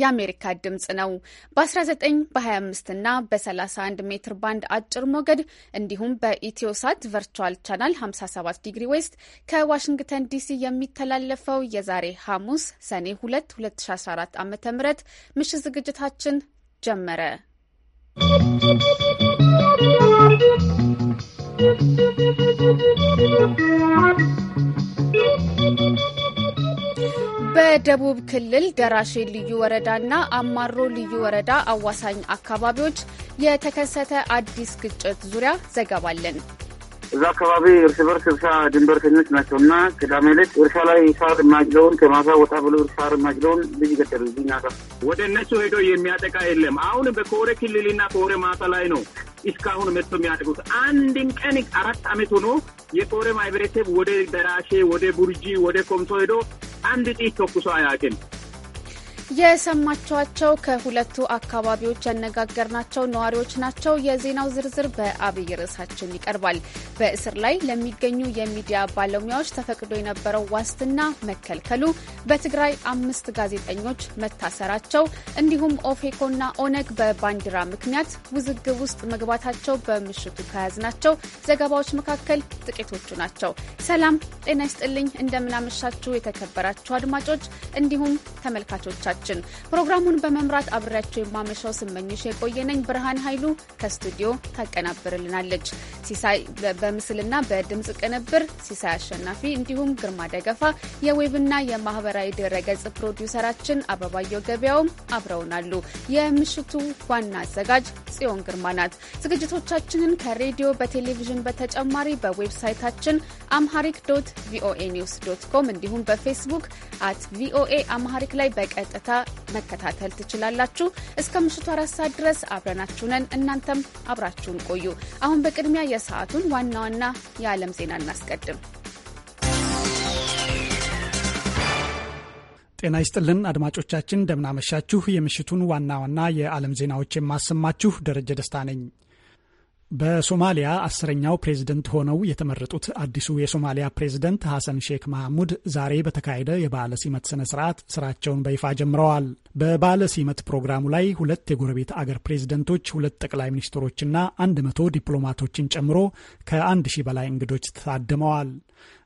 የአሜሪካ ድምፅ ነው። በ19 በ25 እና በ31 ሜትር ባንድ አጭር ሞገድ እንዲሁም በኢትዮሳት ቨርቹዋል ቻናል 57 ዲግሪ ዌስት ከዋሽንግተን ዲሲ የሚተላለፈው የዛሬ ሐሙስ ሰኔ 2 2014 ዓ ም ምሽት ዝግጅታችን ጀመረ። ¶¶ በደቡብ ክልል ደራሼ ልዩ ወረዳና አማሮ ልዩ ወረዳ አዋሳኝ አካባቢዎች የተከሰተ አዲስ ግጭት ዙሪያ ዘገባ አለን። እዛ አካባቢ እርስ በርስ እርሻ ድንበርተኞች ናቸው እና ቅዳሜ ዕለት እርሻ ላይ ሳር ማጭደውን ከማሳ ወጣ ብሎ ሳር ማጭደውን ልጅ ገደሉ። ዝኛ ወደ እነሱ ሄዶ የሚያጠቃ የለም። አሁን በኮረ ክልልና ኮረ ማሳ ላይ ነው እስካሁን መጥቶ የሚያደርጉት አንድም ቀን አራት ዓመት ሆኖ የኮረ ማህበረሰብ ወደ ደራሼ፣ ወደ ቡርጂ፣ ወደ ኮምሶ ሄዶ አንድ ጥይት ተኩሶ አያውቅም። የሰማችኋቸው ከሁለቱ አካባቢዎች ያነጋገርናቸው ነዋሪዎች ናቸው። የዜናው ዝርዝር በአብይ ርዕሳችን ይቀርባል። በእስር ላይ ለሚገኙ የሚዲያ ባለሙያዎች ተፈቅዶ የነበረው ዋስትና መከልከሉ፣ በትግራይ አምስት ጋዜጠኞች መታሰራቸው፣ እንዲሁም ኦፌኮና ኦነግ በባንዲራ ምክንያት ውዝግብ ውስጥ መግባታቸው በምሽቱ ከያዝናቸው ዘገባዎች መካከል ጥቂቶቹ ናቸው። ሰላም ጤና ይስጥልኝ። እንደምናመሻችሁ የተከበራችሁ አድማጮች እንዲሁም ተመልካቾቻችን ዝግጅታችን። ፕሮግራሙን በመምራት አብሬያቸው የማመሻው ስመኝሽ የቆየነኝ ብርሃን ኃይሉ ከስቱዲዮ ታቀናብርልናለች። ሲሳይ በምስልና በድምፅ ቅንብር ሲሳይ አሸናፊ፣ እንዲሁም ግርማ ደገፋ የዌብና የማህበራዊ ድረገጽ ፕሮዲውሰራችን አበባየው ገበያውም አብረውናሉ። የምሽቱ ዋና አዘጋጅ ጽዮን ግርማ ናት። ዝግጅቶቻችንን ከሬዲዮ በቴሌቪዥን በተጨማሪ በዌብሳይታችን አምሃሪክ ዶት ቪኦኤ ኒውስ ዶት ኮም እንዲሁም በፌስቡክ አት ቪኦኤ አምሃሪክ ላይ በቀጥታ መከታተል ትችላላችሁ። እስከ ምሽቱ አራት ሰዓት ድረስ አብረናችሁ ነን። እናንተም አብራችሁን ቆዩ። አሁን በቅድሚያ የሰዓቱን ዋና ዋና የዓለም ዜና እናስቀድም። ጤና ይስጥልን አድማጮቻችን፣ እንደምናመሻችሁ። የምሽቱን ዋና ዋና የዓለም ዜናዎች የማሰማችሁ ደረጀ ደስታ ነኝ። በሶማሊያ አስረኛው ፕሬዝደንት ሆነው የተመረጡት አዲሱ የሶማሊያ ፕሬዝደንት ሐሰን ሼክ መሐሙድ ዛሬ በተካሄደ የባለ ሲመት ስነ ስርዓት ስራቸውን በይፋ ጀምረዋል። በባለ ሲመት ፕሮግራሙ ላይ ሁለት የጎረቤት አገር ፕሬዝደንቶች፣ ሁለት ጠቅላይ ሚኒስትሮችና አንድ መቶ ዲፕሎማቶችን ጨምሮ ከአንድ ሺህ በላይ እንግዶች ታድመዋል።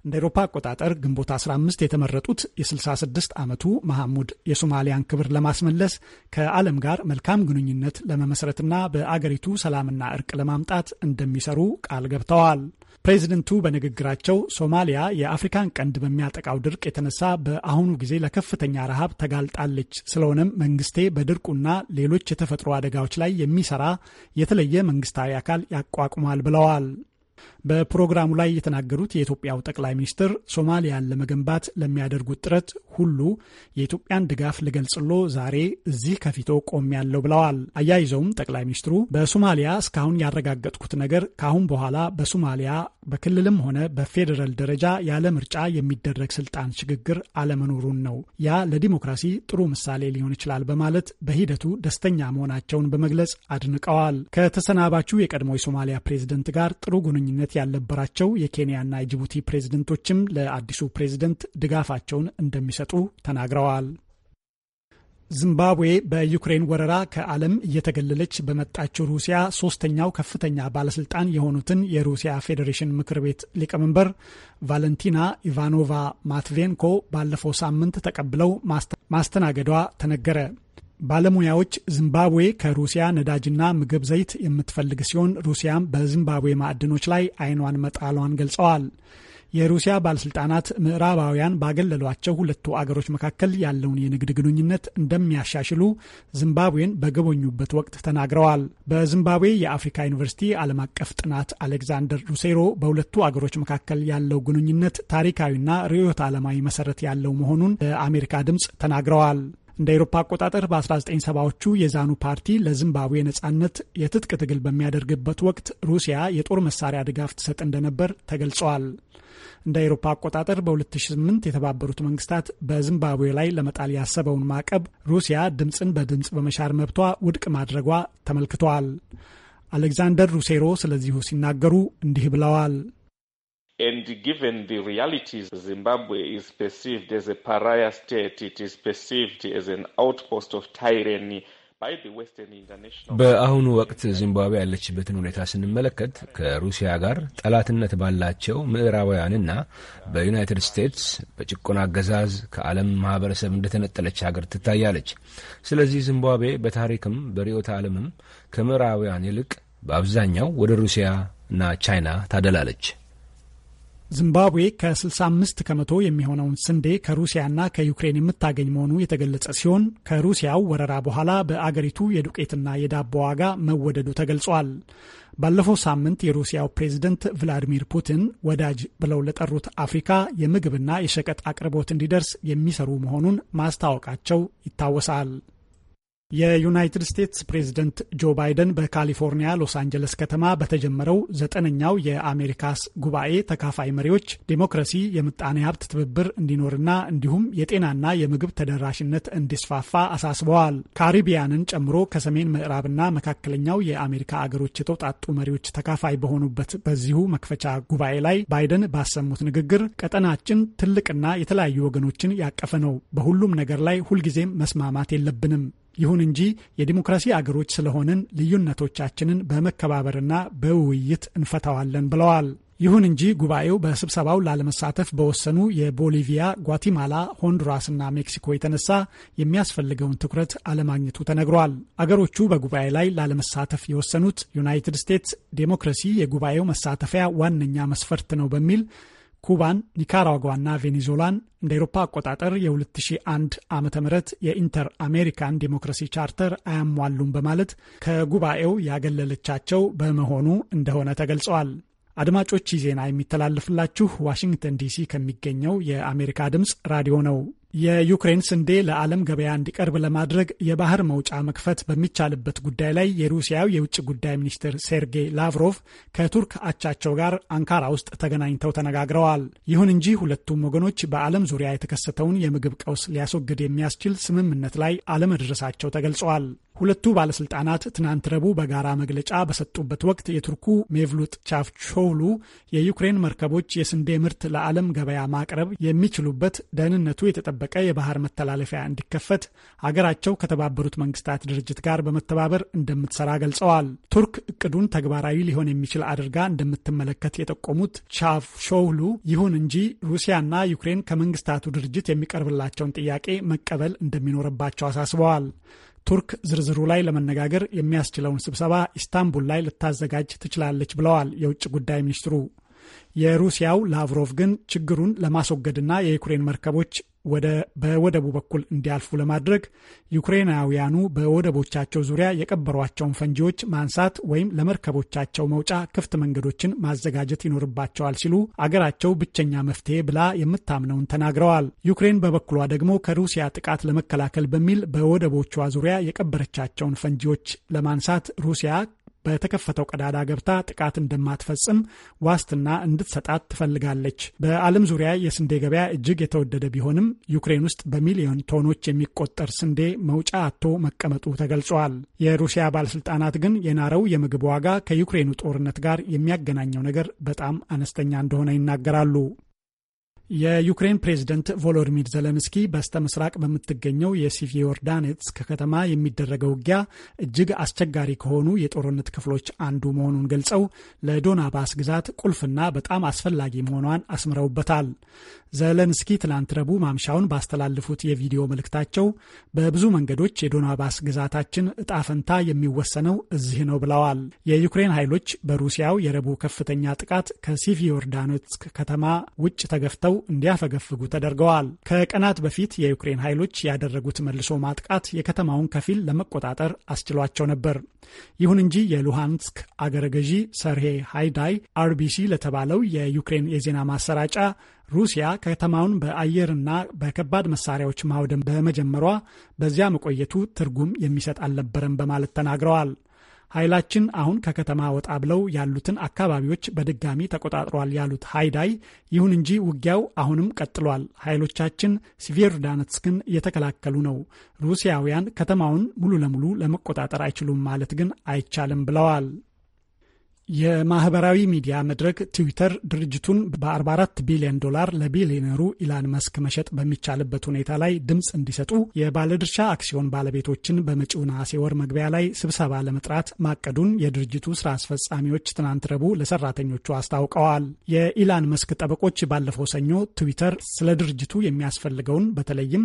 እንደ ኤሮፓ አቆጣጠር ግንቦት 15 የተመረጡት የ66 ዓመቱ መሐሙድ የሶማሊያን ክብር ለማስመለስ ከዓለም ጋር መልካም ግንኙነት ለመመስረትና በአገሪቱ ሰላምና እርቅ ለማምጣት እንደሚሰሩ ቃል ገብተዋል። ፕሬዚደንቱ በንግግራቸው ሶማሊያ የአፍሪካን ቀንድ በሚያጠቃው ድርቅ የተነሳ በአሁኑ ጊዜ ለከፍተኛ ረሃብ ተጋልጣለች። ስለሆነም መንግስቴ በድርቁና ሌሎች የተፈጥሮ አደጋዎች ላይ የሚሰራ የተለየ መንግስታዊ አካል ያቋቁማል ብለዋል። በፕሮግራሙ ላይ የተናገሩት የኢትዮጵያው ጠቅላይ ሚኒስትር ሶማሊያን ለመገንባት ለሚያደርጉት ጥረት ሁሉ የኢትዮጵያን ድጋፍ ልገልጽሎ ዛሬ እዚህ ከፊቶ ቆም ያለው ብለዋል። አያይዘውም ጠቅላይ ሚኒስትሩ በሶማሊያ እስካሁን ያረጋገጥኩት ነገር ካሁን በኋላ በሶማሊያ በክልልም ሆነ በፌዴራል ደረጃ ያለ ምርጫ የሚደረግ ስልጣን ሽግግር አለመኖሩን ነው። ያ ለዲሞክራሲ ጥሩ ምሳሌ ሊሆን ይችላል በማለት በሂደቱ ደስተኛ መሆናቸውን በመግለጽ አድንቀዋል። ከተሰናባቹ የቀድሞ የሶማሊያ ፕሬዝደንት ጋር ጥሩ ግንኙነት ግጭት ያልነበራቸው የኬንያና የጅቡቲ ፕሬዝደንቶችም ለአዲሱ ፕሬዝደንት ድጋፋቸውን እንደሚሰጡ ተናግረዋል። ዚምባብዌ በዩክሬን ወረራ ከዓለም እየተገለለች በመጣችው ሩሲያ ሶስተኛው ከፍተኛ ባለስልጣን የሆኑትን የሩሲያ ፌዴሬሽን ምክር ቤት ሊቀመንበር ቫለንቲና ኢቫኖቫ ማትቬንኮ ባለፈው ሳምንት ተቀብለው ማስተናገዷ ተነገረ። ባለሙያዎች ዚምባብዌ ከሩሲያ ነዳጅና ምግብ ዘይት የምትፈልግ ሲሆን ሩሲያም በዚምባብዌ ማዕድኖች ላይ አይኗን መጣሏን ገልጸዋል። የሩሲያ ባለስልጣናት ምዕራባውያን ባገለሏቸው ሁለቱ አገሮች መካከል ያለውን የንግድ ግንኙነት እንደሚያሻሽሉ ዚምባብዌን በጎበኙበት ወቅት ተናግረዋል። በዚምባብዌ የአፍሪካ ዩኒቨርሲቲ ዓለም አቀፍ ጥናት አሌክዛንደር ሩሴሮ በሁለቱ አገሮች መካከል ያለው ግንኙነት ታሪካዊና ርዕዮተ ዓለማዊ መሰረት ያለው መሆኑን ለአሜሪካ ድምፅ ተናግረዋል። እንደ አውሮፓ አቆጣጠር በ1970ዎቹ የዛኑ ፓርቲ ለዚምባብዌ ነጻነት የትጥቅ ትግል በሚያደርግበት ወቅት ሩሲያ የጦር መሳሪያ ድጋፍ ትሰጥ እንደነበር ተገልጸዋል። እንደ አውሮፓ አቆጣጠር በ2008 የተባበሩት መንግስታት በዚምባብዌ ላይ ለመጣል ያሰበውን ማዕቀብ ሩሲያ ድምፅን በድምፅ በመሻር መብቷ ውድቅ ማድረጓ ተመልክተዋል። አሌክዛንደር ሩሴሮ ስለዚሁ ሲናገሩ እንዲህ ብለዋል። And given the realities, Zimbabwe is perceived as a pariah state. It is perceived as an outpost of tyranny. በአሁኑ ወቅት ዚምባብዌ ያለችበትን ሁኔታ ስንመለከት ከሩሲያ ጋር ጠላትነት ባላቸው ምዕራባውያንና በዩናይትድ ስቴትስ በጭቆና አገዛዝ ከዓለም ማህበረሰብ እንደተነጠለች ሀገር ትታያለች። ስለዚህ ዚምባብዌ በታሪክም በርዕዮተ ዓለምም ከምዕራባውያን ይልቅ በአብዛኛው ወደ ሩሲያና ቻይና ታደላለች። ዚምባብዌ ከ65 ከመቶ የሚሆነውን ስንዴ ከሩሲያና ከዩክሬን የምታገኝ መሆኑ የተገለጸ ሲሆን ከሩሲያው ወረራ በኋላ በአገሪቱ የዱቄትና የዳቦ ዋጋ መወደዱ ተገልጿል። ባለፈው ሳምንት የሩሲያው ፕሬዝደንት ቭላዲሚር ፑቲን ወዳጅ ብለው ለጠሩት አፍሪካ የምግብና የሸቀጥ አቅርቦት እንዲደርስ የሚሰሩ መሆኑን ማስታወቃቸው ይታወሳል። የዩናይትድ ስቴትስ ፕሬዝደንት ጆ ባይደን በካሊፎርኒያ ሎስ አንጀለስ ከተማ በተጀመረው ዘጠነኛው የአሜሪካስ ጉባኤ ተካፋይ መሪዎች ዴሞክራሲ፣ የምጣኔ ሀብት ትብብር እንዲኖርና እንዲሁም የጤናና የምግብ ተደራሽነት እንዲስፋፋ አሳስበዋል። ካሪቢያንን ጨምሮ ከሰሜን ምዕራብና መካከለኛው የአሜሪካ አገሮች የተውጣጡ መሪዎች ተካፋይ በሆኑበት በዚሁ መክፈቻ ጉባኤ ላይ ባይደን ባሰሙት ንግግር ቀጠናችን ትልቅና የተለያዩ ወገኖችን ያቀፈ ነው። በሁሉም ነገር ላይ ሁልጊዜም መስማማት የለብንም ይሁን እንጂ የዲሞክራሲ አገሮች ስለሆንን ልዩነቶቻችንን በመከባበርና በውይይት እንፈታዋለን ብለዋል። ይሁን እንጂ ጉባኤው በስብሰባው ላለመሳተፍ በወሰኑ የቦሊቪያ፣ ጓቲማላ፣ ሆንዱራስና ሜክሲኮ የተነሳ የሚያስፈልገውን ትኩረት አለማግኘቱ ተነግሯል። አገሮቹ በጉባኤ ላይ ላለመሳተፍ የወሰኑት ዩናይትድ ስቴትስ ዴሞክራሲ የጉባኤው መሳተፊያ ዋነኛ መስፈርት ነው በሚል ኩባን፣ ኒካራጓና ቬኔዙላን እንደ ኤሮፓ አቆጣጠር የ2001 ዓ ም የኢንተር አሜሪካን ዴሞክራሲ ቻርተር አያሟሉም በማለት ከጉባኤው ያገለለቻቸው በመሆኑ እንደሆነ ተገልጸዋል። አድማጮች ዜና የሚተላለፍላችሁ ዋሽንግተን ዲሲ ከሚገኘው የአሜሪካ ድምፅ ራዲዮ ነው። የዩክሬን ስንዴ ለዓለም ገበያ እንዲቀርብ ለማድረግ የባህር መውጫ መክፈት በሚቻልበት ጉዳይ ላይ የሩሲያው የውጭ ጉዳይ ሚኒስትር ሴርጌይ ላቭሮቭ ከቱርክ አቻቸው ጋር አንካራ ውስጥ ተገናኝተው ተነጋግረዋል። ይሁን እንጂ ሁለቱም ወገኖች በዓለም ዙሪያ የተከሰተውን የምግብ ቀውስ ሊያስወግድ የሚያስችል ስምምነት ላይ አለመድረሳቸው ተገልጿል። ሁለቱ ባለስልጣናት ትናንት ረቡዕ በጋራ መግለጫ በሰጡበት ወቅት የቱርኩ ሜቭሉት ቻፍሾሉ የዩክሬን መርከቦች የስንዴ ምርት ለዓለም ገበያ ማቅረብ የሚችሉበት ደህንነቱ የተጠበቀ የባህር መተላለፊያ እንዲከፈት አገራቸው ከተባበሩት መንግስታት ድርጅት ጋር በመተባበር እንደምትሰራ ገልጸዋል። ቱርክ እቅዱን ተግባራዊ ሊሆን የሚችል አድርጋ እንደምትመለከት የጠቆሙት ቻፍሾሉ ይሁን እንጂ ሩሲያና ዩክሬን ከመንግስታቱ ድርጅት የሚቀርብላቸውን ጥያቄ መቀበል እንደሚኖርባቸው አሳስበዋል። ቱርክ ዝርዝሩ ላይ ለመነጋገር የሚያስችለውን ስብሰባ ኢስታንቡል ላይ ልታዘጋጅ ትችላለች ብለዋል የውጭ ጉዳይ ሚኒስትሩ። የሩሲያው ላቭሮቭ ግን ችግሩን ለማስወገድና የዩክሬን መርከቦች በወደቡ በኩል እንዲያልፉ ለማድረግ ዩክሬናውያኑ በወደቦቻቸው ዙሪያ የቀበሯቸውን ፈንጂዎች ማንሳት ወይም ለመርከቦቻቸው መውጫ ክፍት መንገዶችን ማዘጋጀት ይኖርባቸዋል ሲሉ አገራቸው ብቸኛ መፍትሄ ብላ የምታምነውን ተናግረዋል። ዩክሬን በበኩሏ ደግሞ ከሩሲያ ጥቃት ለመከላከል በሚል በወደቦቿ ዙሪያ የቀበረቻቸውን ፈንጂዎች ለማንሳት ሩሲያ በተከፈተው ቀዳዳ ገብታ ጥቃት እንደማትፈጽም ዋስትና እንድትሰጣት ትፈልጋለች። በዓለም ዙሪያ የስንዴ ገበያ እጅግ የተወደደ ቢሆንም ዩክሬን ውስጥ በሚሊዮን ቶኖች የሚቆጠር ስንዴ መውጫ አቶ መቀመጡ ተገልጿል። የሩሲያ ባለስልጣናት ግን የናረው የምግብ ዋጋ ከዩክሬኑ ጦርነት ጋር የሚያገናኘው ነገር በጣም አነስተኛ እንደሆነ ይናገራሉ። የዩክሬን ፕሬዝደንት ቮሎዲሚር ዘለንስኪ በስተ ምስራቅ በምትገኘው የሲቪዮርዳኔትስክ ከተማ የሚደረገው ውጊያ እጅግ አስቸጋሪ ከሆኑ የጦርነት ክፍሎች አንዱ መሆኑን ገልጸው ለዶናባስ ግዛት ቁልፍና በጣም አስፈላጊ መሆኗን አስምረውበታል። ዘለንስኪ ትላንት ረቡዕ ማምሻውን ባስተላለፉት የቪዲዮ መልእክታቸው በብዙ መንገዶች የዶናባስ ግዛታችን እጣ ፈንታ የሚወሰነው እዚህ ነው ብለዋል። የዩክሬን ኃይሎች በሩሲያው የረቡዕ ከፍተኛ ጥቃት ከሲቪዮርዳኖትስክ ከተማ ውጭ ተገፍተው እንዲያፈገፍጉ ተደርገዋል። ከቀናት በፊት የዩክሬን ኃይሎች ያደረጉት መልሶ ማጥቃት የከተማውን ከፊል ለመቆጣጠር አስችሏቸው ነበር። ይሁን እንጂ የሉሃንስክ አገረ ገዢ ሰርሄ ሃይዳይ አርቢሲ ለተባለው የዩክሬን የዜና ማሰራጫ ሩሲያ ከተማውን በአየርና በከባድ መሳሪያዎች ማውደም በመጀመሯ በዚያ መቆየቱ ትርጉም የሚሰጥ አልነበረም በማለት ተናግረዋል። ኃይላችን አሁን ከከተማ ወጣ ብለው ያሉትን አካባቢዎች በድጋሚ ተቆጣጥሯል ያሉት ሃይዳይ፣ ይሁን እንጂ ውጊያው አሁንም ቀጥሏል። ኃይሎቻችን ሲቬርዳነትስክን እየተከላከሉ ነው። ሩሲያውያን ከተማውን ሙሉ ለሙሉ ለመቆጣጠር አይችሉም ማለት ግን አይቻልም ብለዋል። የማህበራዊ ሚዲያ መድረክ ትዊተር ድርጅቱን በ44 ቢሊዮን ዶላር ለቢሊዮነሩ ኢላን መስክ መሸጥ በሚቻልበት ሁኔታ ላይ ድምፅ እንዲሰጡ የባለድርሻ አክሲዮን ባለቤቶችን በመጪው ነሐሴ ወር መግቢያ ላይ ስብሰባ ለመጥራት ማቀዱን የድርጅቱ ስራ አስፈጻሚዎች ትናንት ረቡዕ ለሰራተኞቹ አስታውቀዋል። የኢላን መስክ ጠበቆች ባለፈው ሰኞ ትዊተር ስለ ድርጅቱ የሚያስፈልገውን በተለይም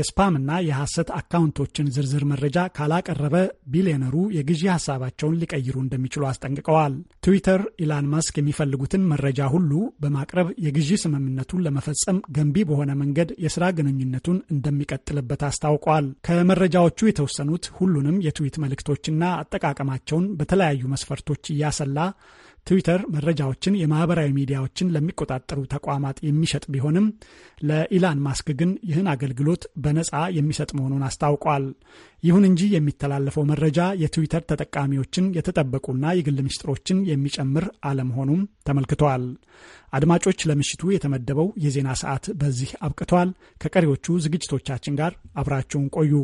የስፓምና የሐሰት አካውንቶችን ዝርዝር መረጃ ካላቀረበ ቢሊዮነሩ የግዢ ሀሳባቸውን ሊቀይሩ እንደሚችሉ አስጠንቅቀዋል። ገልጸዋል። ትዊተር ኢላን ማስክ የሚፈልጉትን መረጃ ሁሉ በማቅረብ የግዢ ስምምነቱን ለመፈጸም ገንቢ በሆነ መንገድ የስራ ግንኙነቱን እንደሚቀጥልበት አስታውቋል። ከመረጃዎቹ የተወሰኑት ሁሉንም የትዊት መልእክቶችና አጠቃቀማቸውን በተለያዩ መስፈርቶች እያሰላ ትዊተር መረጃዎችን የማህበራዊ ሚዲያዎችን ለሚቆጣጠሩ ተቋማት የሚሸጥ ቢሆንም ለኢላን ማስክ ግን ይህን አገልግሎት በነፃ የሚሰጥ መሆኑን አስታውቋል። ይሁን እንጂ የሚተላለፈው መረጃ የትዊተር ተጠቃሚዎችን የተጠበቁና የግል ምስጢሮችን የሚጨምር አለመሆኑም ተመልክቷል። አድማጮች፣ ለምሽቱ የተመደበው የዜና ሰዓት በዚህ አብቅቷል። ከቀሪዎቹ ዝግጅቶቻችን ጋር አብራችሁን ቆዩ።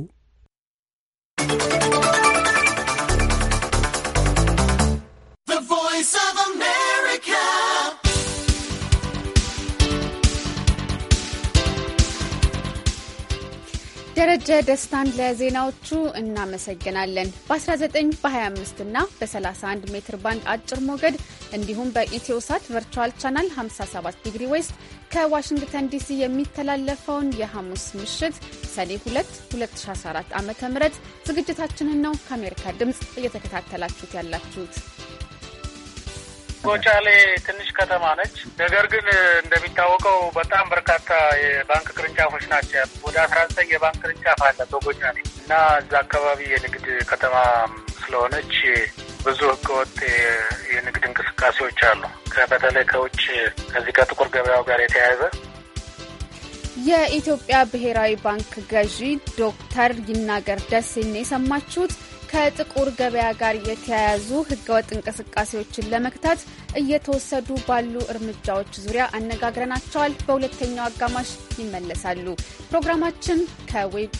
ደረጀ ደስታን ለዜናዎቹ እናመሰግናለን። በ19 በ25 እና በ31 ሜትር ባንድ አጭር ሞገድ እንዲሁም በኢትዮሳት ቨርቹዋል ቻናል 57 ዲግሪ ዌስት ከዋሽንግተን ዲሲ የሚተላለፈውን የሐሙስ ምሽት ሰኔ 2 2014 ዓ ም ዝግጅታችንን ነው ከአሜሪካ ድምፅ እየተከታተላችሁት ያላችሁት። ጎቻሌ ትንሽ ከተማ ነች። ነገር ግን እንደሚታወቀው በጣም በርካታ የባንክ ቅርንጫፎች ናቸው። ወደ አስራ ዘጠኝ የባንክ ቅርንጫፍ አለ በጎቻሌ እና እዛ አካባቢ የንግድ ከተማ ስለሆነች ብዙ ህገወጥ የንግድ እንቅስቃሴዎች አሉ። በተለይ ከውጭ ከዚህ ከጥቁር ገበያው ጋር የተያያዘ የኢትዮጵያ ብሔራዊ ባንክ ገዢ ዶክተር ይናገር ደሴን የሰማችሁት። ከጥቁር ገበያ ጋር የተያያዙ ህገወጥ እንቅስቃሴዎችን ለመክታት እየተወሰዱ ባሉ እርምጃዎች ዙሪያ አነጋግረናቸዋል። በሁለተኛው አጋማሽ ይመለሳሉ። ፕሮግራማችን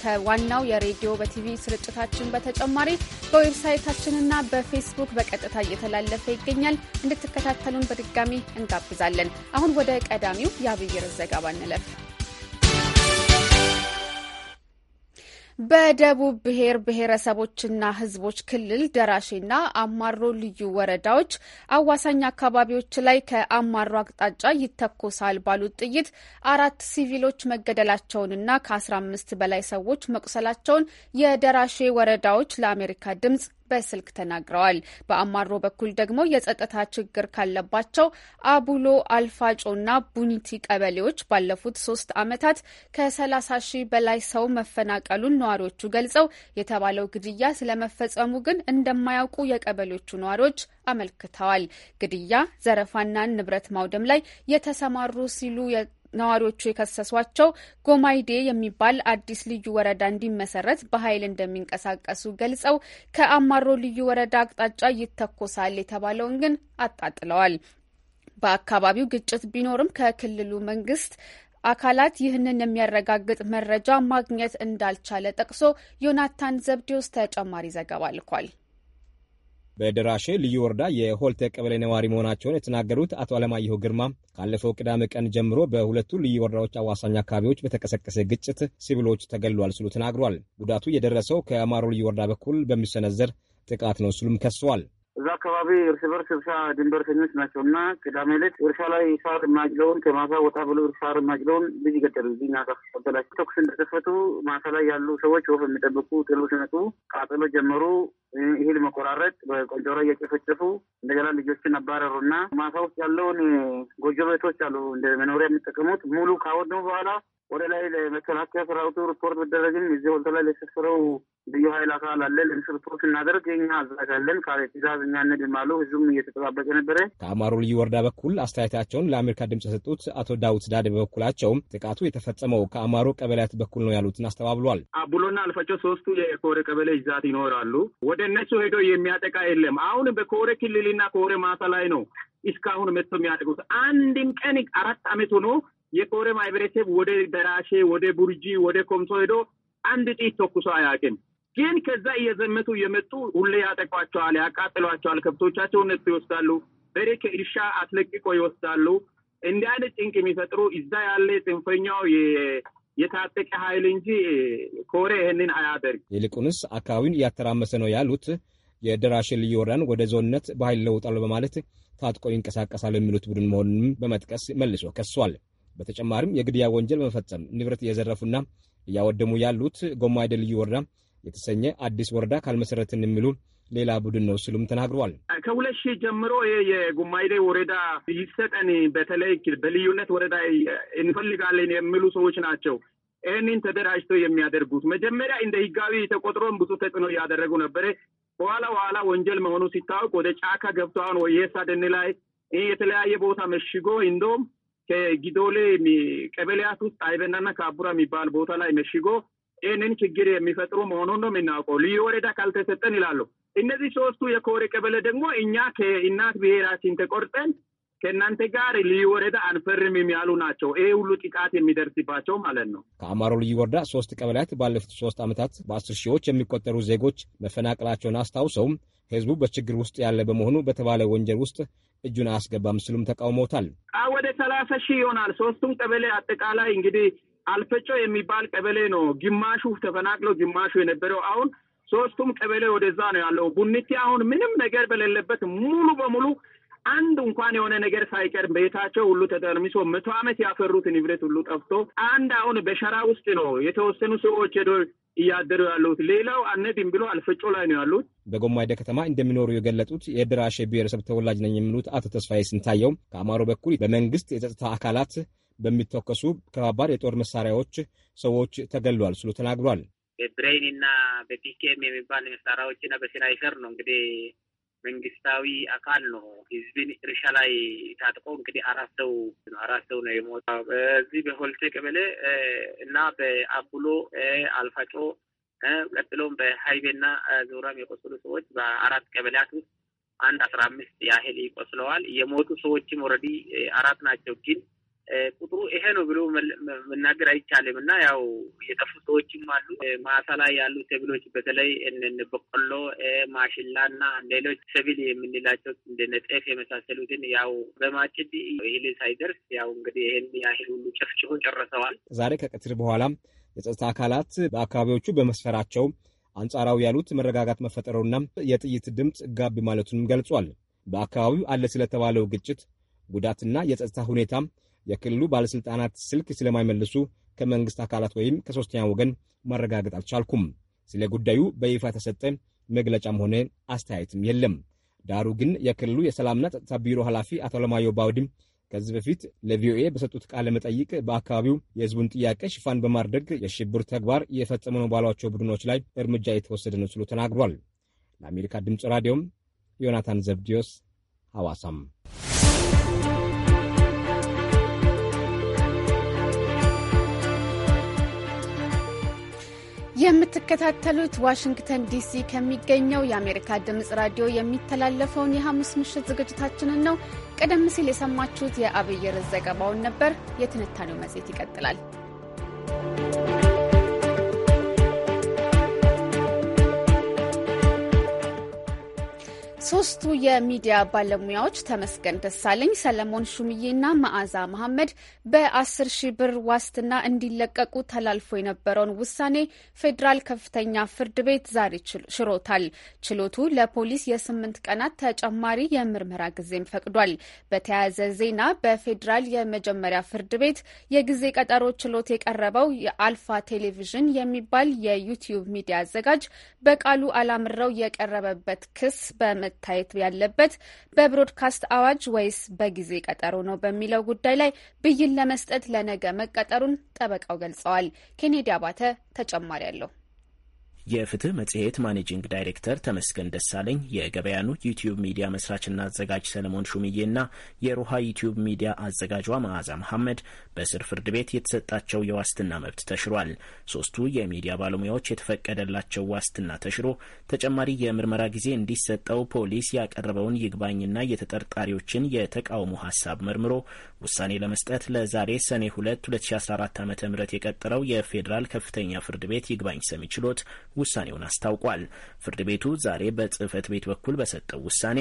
ከዋናው የሬዲዮ በቲቪ ስርጭታችን በተጨማሪ በዌብሳይታችንና በፌስቡክ በቀጥታ እየተላለፈ ይገኛል። እንድትከታተሉን በድጋሚ እንጋብዛለን። አሁን ወደ ቀዳሚው የአብይር ዘገባ እንለፍ። በደቡብ ብሔር ብሔረሰቦችና ሕዝቦች ክልል ደራሼና አማሮ ልዩ ወረዳዎች አዋሳኝ አካባቢዎች ላይ ከአማሮ አቅጣጫ ይተኮሳል ባሉት ጥይት አራት ሲቪሎች መገደላቸውንና ከ15 በላይ ሰዎች መቁሰላቸውን የደራሼ ወረዳዎች ለአሜሪካ ድምጽ በስልክ ተናግረዋል። በአማሮ በኩል ደግሞ የጸጥታ ችግር ካለባቸው አቡሎ፣ አልፋጮና ቡኒቲ ቀበሌዎች ባለፉት ሶስት ዓመታት ከ30 ሺህ በላይ ሰው መፈናቀሉን ነዋሪዎቹ ገልጸው የተባለው ግድያ ስለመፈጸሙ ግን እንደማያውቁ የቀበሌዎቹ ነዋሪዎች አመልክተዋል። ግድያ፣ ዘረፋና ንብረት ማውደም ላይ የተሰማሩ ሲሉ ነዋሪዎቹ የከሰሷቸው ጎማይዴ የሚባል አዲስ ልዩ ወረዳ እንዲመሰረት በኃይል እንደሚንቀሳቀሱ ገልጸው ከአማሮ ልዩ ወረዳ አቅጣጫ ይተኮሳል የተባለውን ግን አጣጥለዋል። በአካባቢው ግጭት ቢኖርም ከክልሉ መንግስት አካላት ይህንን የሚያረጋግጥ መረጃ ማግኘት እንዳልቻለ ጠቅሶ ዮናታን ዘብዴዎስ ተጨማሪ ዘገባ ልኳል። በደራሼ ልዩ ወረዳ የሆልተ ቀበሌ ነዋሪ መሆናቸውን የተናገሩት አቶ አለማየሁ ግርማ ካለፈው ቅዳሜ ቀን ጀምሮ በሁለቱ ልዩ ወረዳዎች አዋሳኝ አካባቢዎች በተቀሰቀሰ ግጭት ሲቪሎች ተገሏል ሲሉ ተናግሯል። ጉዳቱ የደረሰው ከአማሮ ልዩ ወረዳ በኩል በሚሰነዘር ጥቃት ነው ሲሉም ከሰዋል። እዛ አካባቢ እርስ በርስ እርሻ ድንበርተኞች ናቸው እና ቅዳሜ ዕለት እርሻ ላይ ሳር ማጭደውን ከማሳ ወጣ ብሎ ሳር ማጭደውን ልጅ ገደሉ። እዚህ ናሳ ተኩስ እንደተፈቱ ማሳ ላይ ያሉ ሰዎች ወፍ የሚጠብቁ ጥሎ ሲመጡ ቃጠሎ ጀመሩ። ይህል መቆራረጥ በቆጆሮ እየጨፈጨፉ እንደገና ልጆችን አባረሩ እና ማሳ ውስጥ ያለውን ጎጆ ቤቶች አሉ እንደ መኖሪያ የሚጠቀሙት ሙሉ ካወደሙ በኋላ ወደ ላይ ለመከላከያ ሰራዊቱ ሪፖርት ብደረግም እዚህ ወልተ ላይ ለሰፈረው ልዩ ኃይል አካል አለ ለምስ ሪፖርት እናደርግ እኛ አዘጋለን ካለ ትእዛዝ እኛ እንድም አሉ። ህዝቡም እየተጠባበቀ ነበረ። ከአማሩ ልዩ ወረዳ በኩል አስተያየታቸውን ለአሜሪካ ድምፅ የሰጡት አቶ ዳዊት ዳድ በበኩላቸው ጥቃቱ የተፈጸመው ከአማሩ ቀበሌያት በኩል ነው ያሉትን አስተባብሏል። አቡሎና አልፋቸው ሶስቱ የኮሬ ቀበሌ ይዛት ይኖራሉ። ወደ ወደ እነሱ ሄዶ የሚያጠቃ የለም። አሁን በኮሬ ክልልና ኮሬ ማሳ ላይ ነው እስካሁን መጥቶ የሚያደርጉት አንድም ቀን አራት ዓመት ሆኖ የኮሬ ማህበረሰብ ወደ ደራሼ፣ ወደ ቡርጂ፣ ወደ ኮምሶ ሄዶ አንድ ጥይት ተኩሶ አያውቅም። ግን ከዛ እየዘመቱ እየመጡ ሁሌ ያጠቋቸዋል፣ ያቃጥሏቸዋል፣ ከብቶቻቸውን ነጥ ይወስዳሉ፣ በሬ ከእርሻ አስለቅቆ ይወስዳሉ። እንዲህ አይነት ጭንቅ የሚፈጥሩ እዛ ያለ ጽንፈኛው የታጠቀ ኃይል እንጂ ኮሬ ይህንን አያደርግ። ይልቁንስ አካባቢውን እያተራመሰ ነው ያሉት የደራሽ ልዩ ወረዳን ወደ ዞንነት በኃይል ለውጣሉ በማለት ታጥቆ ይንቀሳቀሳል የሚሉት ቡድን መሆኑንም በመጥቀስ መልሶ ከሷል። በተጨማሪም የግድያ ወንጀል በመፈጸም ንብረት እየዘረፉና እያወደሙ ያሉት ጎማይደ ልዩ ወረዳ የተሰኘ አዲስ ወረዳ ካልመሰረትን የሚሉ ሌላ ቡድን ነው ሲሉም ተናግረዋል። ከሁለት ሺህ ጀምሮ ይሄ የጉማይዴ ወረዳ ይሰጠን በተለይ በልዩነት ወረዳ እንፈልጋለን የሚሉ ሰዎች ናቸው ይህንን ተደራጅተው የሚያደርጉት መጀመሪያ እንደ ህጋዊ ተቆጥሮን ብዙ ተጽዕኖ እያደረጉ ነበረ። በኋላ በኋላ ወንጀል መሆኑ ሲታወቅ ወደ ጫካ ገብቶ አሁን ወየሳ ደን ላይ የተለያየ ቦታ መሽጎ እንደውም ከጊዶሌ ቀበሌያት ውስጥ አይበናና ከአቡራ የሚባል ቦታ ላይ መሽጎ ይህንን ችግር የሚፈጥሩ መሆኑን ነው የምናውቀው። ልዩ ወረዳ ካልተሰጠን ይላሉ። እነዚህ ሶስቱ የኮሬ ቀበሌ ደግሞ እኛ ከእናት ብሔራችን ተቆርጠን ከእናንተ ጋር ልዩ ወረዳ አንፈርምም ያሉ ናቸው። ይሄ ሁሉ ጥቃት የሚደርስባቸው ማለት ነው። ከአማሮ ልዩ ወረዳ ሶስት ቀበሌያት ባለፉት ሶስት ዓመታት በአስር ሺዎች የሚቆጠሩ ዜጎች መፈናቀላቸውን አስታውሰው ህዝቡ በችግር ውስጥ ያለ በመሆኑ በተባለ ወንጀል ውስጥ እጁን አያስገባም ሲሉም ተቃውሞታል። ወደ ሰላሳ ሺህ ይሆናል። ሶስቱም ቀበሌ አጠቃላይ እንግዲህ አልፈጮ የሚባል ቀበሌ ነው። ግማሹ ተፈናቅለው ግማሹ የነበረው አሁን ሶስቱም ቀበሌ ወደዛ ነው ያለው። ቡኒቲ አሁን ምንም ነገር በሌለበት ሙሉ በሙሉ አንድ እንኳን የሆነ ነገር ሳይቀር ቤታቸው ሁሉ ተጠርሚሶ መቶ ዓመት ያፈሩት ንብረት ሁሉ ጠፍቶ አንድ አሁን በሸራ ውስጥ ነው የተወሰኑ ሰዎች ሄዶ እያደሩ ያሉት። ሌላው አነድም ብሎ አልፈጮ ላይ ነው ያሉት። በጎማይደ ከተማ እንደሚኖሩ የገለጡት የድራሼ ብሔረሰብ ተወላጅ ነኝ የሚሉት አቶ ተስፋዬ ስንታየው ከአማሮ በኩል በመንግስት የጸጥታ አካላት በሚተኮሱ ከባባድ የጦር መሳሪያዎች ሰዎች ተገሏል ስሉ ተናግሯል። በብሬን እና በፒኬም የሚባል እና በስናይፐር ነው እንግዲህ መንግስታዊ አካል ነው ህዝብን እርሻ ላይ ታጥቆ እንግዲህ አራት ሰው አራት ሰው ነው የሞታው በዚህ በሆልቴ ቀበሌ እና በአቡሎ አልፋጮ ቀጥሎም በሀይቤና ዞራም የቆሰሉ ሰዎች በአራት ቀበሌያት ውስጥ አንድ አስራ አምስት ያህል ይቆስለዋል። የሞቱ ሰዎችም ወረዲ አራት ናቸው ግን ቁጥሩ ይሄ ነው ብሎ መናገር አይቻልም እና ያው የጠፉ ሰዎችም አሉ። ማሳ ላይ ያሉ ሰብሎች በተለይ በቆሎ፣ ማሽላ እና ሌሎች ሰብል የምንላቸው እንደነ ጤፍ የመሳሰሉትን ያው በማጭድ እህል ሳይደርስ ያው እንግዲህ ይህን ያህል ሁሉ ጨፍጭፎ ጨርሰዋል። ዛሬ ከቀትር በኋላ የጸጥታ አካላት በአካባቢዎቹ በመስፈራቸው አንጻራዊ ያሉት መረጋጋት መፈጠሩና የጥይት ድምፅ ጋቢ ማለቱንም ገልጿል። በአካባቢው አለ ስለተባለው ግጭት ጉዳትና የጸጥታ ሁኔታ የክልሉ ባለሥልጣናት ስልክ ስለማይመልሱ ከመንግሥት አካላት ወይም ከሦስተኛ ወገን ማረጋገጥ አልቻልኩም። ስለ ጉዳዩ በይፋ የተሰጠ መግለጫም ሆነ አስተያየትም የለም። ዳሩ ግን የክልሉ የሰላምና ጸጥታ ቢሮ ኃላፊ አቶ አለማየሁ ባውድም ከዚህ በፊት ለቪኦኤ በሰጡት ቃለ መጠይቅ በአካባቢው የሕዝቡን ጥያቄ ሽፋን በማድረግ የሽብር ተግባር እየፈጸሙ ነው ባሏቸው ቡድኖች ላይ እርምጃ የተወሰደ ነው ሲሉ ተናግሯል። ለአሜሪካ ድምፅ ራዲዮም ዮናታን ዘብዲዮስ ሐዋሳም የምትከታተሉት ዋሽንግተን ዲሲ ከሚገኘው የአሜሪካ ድምፅ ራዲዮ የሚተላለፈውን የሐሙስ ምሽት ዝግጅታችንን ነው። ቀደም ሲል የሰማችሁት የአብይ ዘገባውን ነበር። የትንታኔው መጽሔት ይቀጥላል። ሶስቱ የሚዲያ ባለሙያዎች ተመስገን ደሳለኝ፣ ሰለሞን ሹምዬና መዓዛ መሐመድ በአስር ሺህ ብር ዋስትና እንዲለቀቁ ተላልፎ የነበረውን ውሳኔ ፌዴራል ከፍተኛ ፍርድ ቤት ዛሬ ሽሮታል። ችሎቱ ለፖሊስ የስምንት ቀናት ተጨማሪ የምርመራ ጊዜም ፈቅዷል። በተያያዘ ዜና በፌዴራል የመጀመሪያ ፍርድ ቤት የጊዜ ቀጠሮ ችሎት የቀረበው የአልፋ ቴሌቪዥን የሚባል የዩቲዩብ ሚዲያ አዘጋጅ በቃሉ አላምረው የቀረበበት ክስ በመ መታየት ያለበት በብሮድካስት አዋጅ ወይስ በጊዜ ቀጠሮ ነው በሚለው ጉዳይ ላይ ብይን ለመስጠት ለነገ መቀጠሩን ጠበቃው ገልጸዋል። ኬኔዲ አባተ ተጨማሪ አለው። የፍትህ መጽሔት ማኔጂንግ ዳይሬክተር ተመስገን ደሳለኝ የገበያኑ ዩቲዩብ ሚዲያ መስራችና አዘጋጅ ሰለሞን ሹምዬና የሮሃ ዩቲዩብ ሚዲያ አዘጋጇ መዓዛ መሐመድ በስር ፍርድ ቤት የተሰጣቸው የዋስትና መብት ተሽሯል። ሶስቱ የሚዲያ ባለሙያዎች የተፈቀደላቸው ዋስትና ተሽሮ ተጨማሪ የምርመራ ጊዜ እንዲሰጠው ፖሊስ ያቀረበውን ይግባኝና የተጠርጣሪዎችን የተቃውሞ ሀሳብ መርምሮ ውሳኔ ለመስጠት ለዛሬ ሰኔ 2 2014 ዓ ም የቀጠረው የፌዴራል ከፍተኛ ፍርድ ቤት ይግባኝ ሰሚ ችሎት ውሳኔውን አስታውቋል። ፍርድ ቤቱ ዛሬ በጽህፈት ቤት በኩል በሰጠው ውሳኔ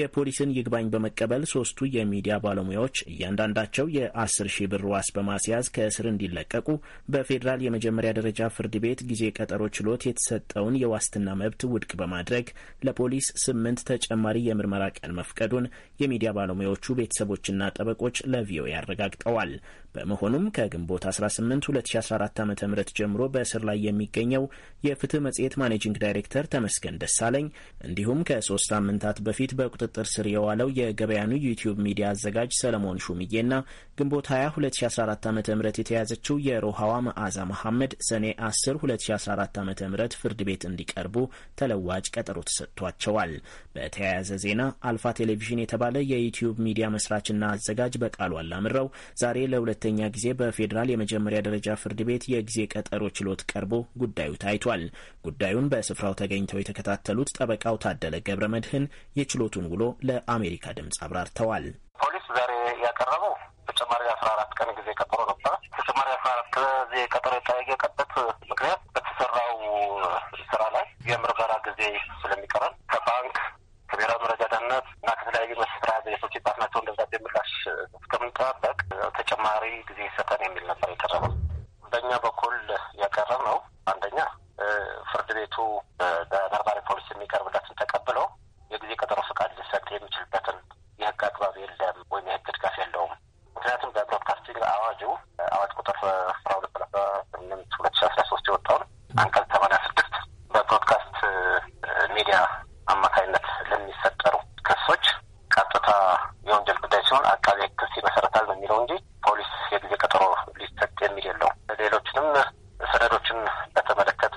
የፖሊስን ይግባኝ በመቀበል ሶስቱ የሚዲያ ባለሙያዎች እያንዳንዳቸው የ10 ሺህ ብር ዋስ በማስያዝ ከእስር እንዲለቀቁ በፌዴራል የመጀመሪያ ደረጃ ፍርድ ቤት ጊዜ ቀጠሮ ችሎት የተሰጠውን የዋስትና መብት ውድቅ በማድረግ ለፖሊስ ስምንት ተጨማሪ የምርመራ ቀን መፍቀዱን የሚዲያ ባለሙያዎቹ ቤተሰቦችና ጠበቆች ለ ለቪኦኤ አረጋግጠዋል። በመሆኑም ከግንቦት 18 2014 ዓ ም ጀምሮ በእስር ላይ የሚገኘው የፍትህ መጽሔት ማኔጂንግ ዳይሬክተር ተመስገን ደሳለኝ እንዲሁም ከሶስት ሳምንታት በፊት በቁጥጥር ስር የዋለው የገበያኑ ዩቲዩብ ሚዲያ አዘጋጅ ሰለሞን ሹምዬና ግንቦት 20 2014 ዓ ም የተያዘችው የሮሃዋ መዓዛ መሐመድ ሰኔ 10 2014 ዓ ም ፍርድ ቤት እንዲቀርቡ ተለዋጭ ቀጠሮ ተሰጥቷቸዋል። በተያያዘ ዜና አልፋ ቴሌቪዥን የተባለ የዩቲዩብ ሚዲያ መስራችና አዘጋጅ በቃሉ አላምረው ዛሬ ለሁለት ለሁለተኛ ጊዜ በፌዴራል የመጀመሪያ ደረጃ ፍርድ ቤት የጊዜ ቀጠሮ ችሎት ቀርቦ ጉዳዩ ታይቷል። ጉዳዩን በስፍራው ተገኝተው የተከታተሉት ጠበቃው ታደለ ገብረ መድህን የችሎቱን ውሎ ለአሜሪካ ድምፅ አብራርተዋል። ፖሊስ ዛሬ ያቀረበው ተጨማሪ አስራ አራት ቀን ጊዜ ቀጠሮ ነበር። ተጨማሪ አስራ አራት ጊዜ ቀጠሮ የተጠየቀበት ምክንያት በተሰራው ስራ ላይ የምርመራ ጊዜ ስለሚቀረን ከባንክ ከብሔራዊ መረጃ ደህንነት እና ከተለያዩ መስሪያ ቤቶች የጻፍናቸውን ደብዳቤ ምላሽ እስከምንጠባበቅ ተጨማሪ ጊዜ ይሰጠን የሚል ነበር የቀረበው። በእኛ በኩል ያቀረብ ነው አንደኛ ፍርድ ቤቱ በመርማሪ ፖሊስ የሚቀርብለትን ተቀብለው የጊዜ ቀጠሮ ፈቃድ ሊሰጥ የሚችልበትን የህግ አግባብ የለም ወይም የህግ ድጋፍ የለውም። ምክንያቱም በብሮድካስቲንግ አዋጁ አዋጅ ቁጥር አስራ ሁለት ስምንት ሁለት ሺ አስራ ሶስት የወጣውን አንቀጽ ሰማንያ ስድስት በብሮድካስት ሚዲያ አማካኝነት ለሚፈጠሩ ክሶች ቀጥታ የወንጀል ጉዳይ ሲሆን አቃቤ ሕግ ክስ ይመሰረታል በሚለው የሚለው እንጂ ፖሊስ የጊዜ ቀጠሮ ሊሰጥ የሚል የለው። ሌሎችንም ሰነዶችን በተመለከተ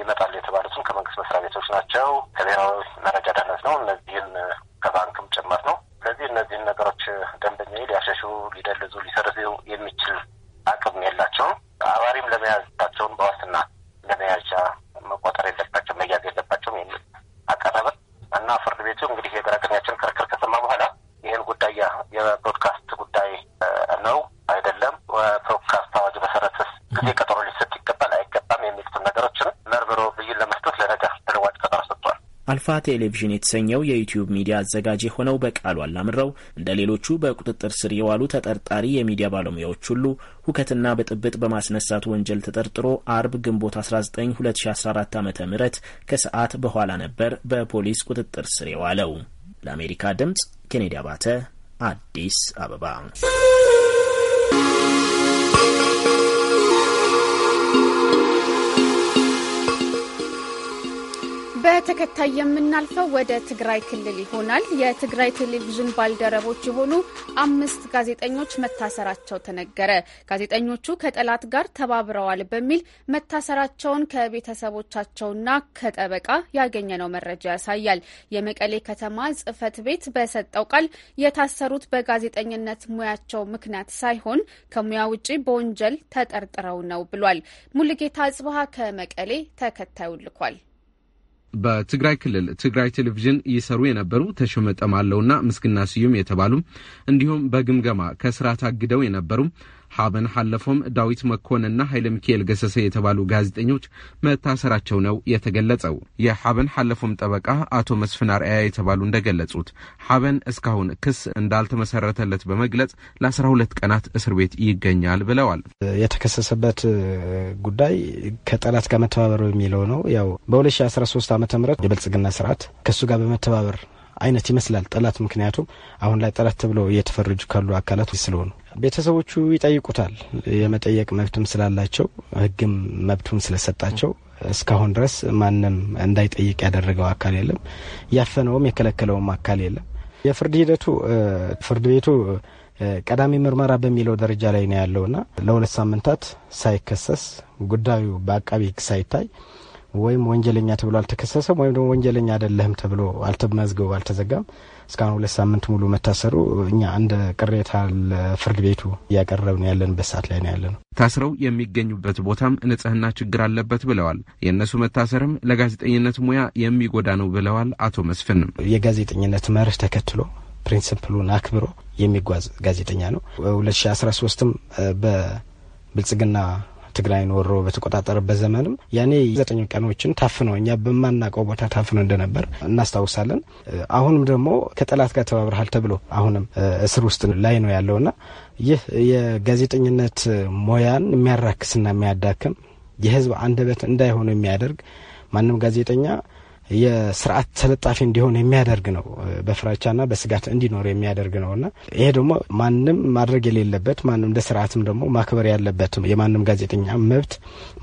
ይመጣሉ የተባሉትም ከመንግስት መስሪያ ቤቶች ናቸው፣ ከብሔራዊ መረጃ ደህንነት ነው፣ እነዚህም ከባንክም ጭምር ነው። ስለዚህ እነዚህን ነገሮች ደንበኛ ሊያሸሹ፣ ሊደልዙ፣ ሊሰርዙ የሚችል አቅም የላቸውም። አባሪም ለመያዛቸውን በዋስትና ለመያዣ እንግዲህ የጋራ ክርክር ከሰማ በኋላ ይህን ጉዳይ የብሮድካስት አልፋ ቴሌቪዥን የተሰኘው የዩትዩብ ሚዲያ አዘጋጅ የሆነው በቃሉ አላምረው እንደ ሌሎቹ በቁጥጥር ስር የዋሉ ተጠርጣሪ የሚዲያ ባለሙያዎች ሁሉ ሁከትና ብጥብጥ በማስነሳት ወንጀል ተጠርጥሮ አርብ ግንቦት 19 2014 ዓ ም ከሰዓት በኋላ ነበር በፖሊስ ቁጥጥር ስር የዋለው። ለአሜሪካ ድምፅ ኬኔዲ አባተ አዲስ አበባ በተከታይ የምናልፈው ወደ ትግራይ ክልል ይሆናል። የትግራይ ቴሌቪዥን ባልደረቦች የሆኑ አምስት ጋዜጠኞች መታሰራቸው ተነገረ። ጋዜጠኞቹ ከጠላት ጋር ተባብረዋል በሚል መታሰራቸውን ከቤተሰቦቻቸውና ከጠበቃ ያገኘነው መረጃ ያሳያል። የመቀሌ ከተማ ጽህፈት ቤት በሰጠው ቃል የታሰሩት በጋዜጠኝነት ሙያቸው ምክንያት ሳይሆን ከሙያ ውጪ በወንጀል ተጠርጥረው ነው ብሏል። ሙልጌታ ጽብሃ ከመቀሌ ተከታዩ ልኳል። በትግራይ ክልል ትግራይ ቴሌቪዥን ይሰሩ የነበሩ ተሾመ ጠማለውና ምስግና ስዩም የተባሉ እንዲሁም በግምገማ ከስራ ታግደው የነበሩ ሀበን ሐለፎም ዳዊት መኮንና ኃይለ ሚካኤል ገሰሰ የተባሉ ጋዜጠኞች መታሰራቸው ነው የተገለጸው። የሀበን ሐለፎም ጠበቃ አቶ መስፍን አርአያ የተባሉ እንደገለጹት ሀበን እስካሁን ክስ እንዳልተመሰረተለት በመግለጽ ለአስራ ሁለት ቀናት እስር ቤት ይገኛል ብለዋል። የተከሰሰበት ጉዳይ ከጠላት ጋር መተባበር የሚለው ነው። ያው በ2013 ዓ ም የብልጽግና ስርዓት ከሱ ጋር በመተባበር አይነት ይመስላል ጠላት። ምክንያቱም አሁን ላይ ጠላት ተብለው እየተፈረጁ ካሉ አካላት ስለሆኑ ቤተሰቦቹ ይጠይቁታል። የመጠየቅ መብትም ስላላቸው ህግም መብቱን ስለሰጣቸው እስካሁን ድረስ ማንም እንዳይጠይቅ ያደረገው አካል የለም። ያፈነውም የከለከለውም አካል የለም። የፍርድ ሂደቱ ፍርድ ቤቱ ቀዳሚ ምርመራ በሚለው ደረጃ ላይ ነው ያለውና ለሁለት ሳምንታት ሳይከሰስ ጉዳዩ በአቃቢ ሳይታይ ወይም ወንጀለኛ ተብሎ አልተከሰሰም ወይም ደግሞ ወንጀለኛ አይደለህም ተብሎ አልተመዝገቡ አልተዘጋም። እስካሁን ሁለት ሳምንት ሙሉ መታሰሩ እኛ እንደ ቅሬታ ለፍርድ ቤቱ ነው ያለንበት ሰዓት ላይ ነው ያለ ነው። ታስረው የሚገኙበት ቦታም ንጽህና ችግር አለበት ብለዋል። የእነሱ መታሰርም ለጋዜጠኝነት ሙያ የሚጎዳ ነው ብለዋል። አቶ መስፍንም የጋዜጠኝነት መርህ ተከትሎ ፕሪንስፕሉን አክብሮ የሚጓዝ ጋዜጠኛ ነው አስራ ሶስትም በብልጽግና ትግራይን ወሮ በተቆጣጠረበት ዘመንም ያኔ ዘጠኝ ቀኖችን ታፍነው እኛ በማናውቀው ቦታ ታፍነው እንደነበር እናስታውሳለን። አሁንም ደግሞ ከጠላት ጋር ተባብረሃል ተብሎ አሁንም እስር ውስጥ ላይ ነው ያለውና ይህ የጋዜጠኝነት ሙያን የሚያራክስና የሚያዳክም የህዝብ አንደበት እንዳይሆኑ የሚያደርግ ማንም ጋዜጠኛ የስርዓት ተለጣፊ እንዲሆን የሚያደርግ ነው። በፍራቻና በስጋት እንዲኖር የሚያደርግ ነውና ይሄ ደግሞ ማንም ማድረግ የሌለበት ማንም እንደ ስርዓትም ደግሞ ማክበር ያለበት የማንም ጋዜጠኛ መብት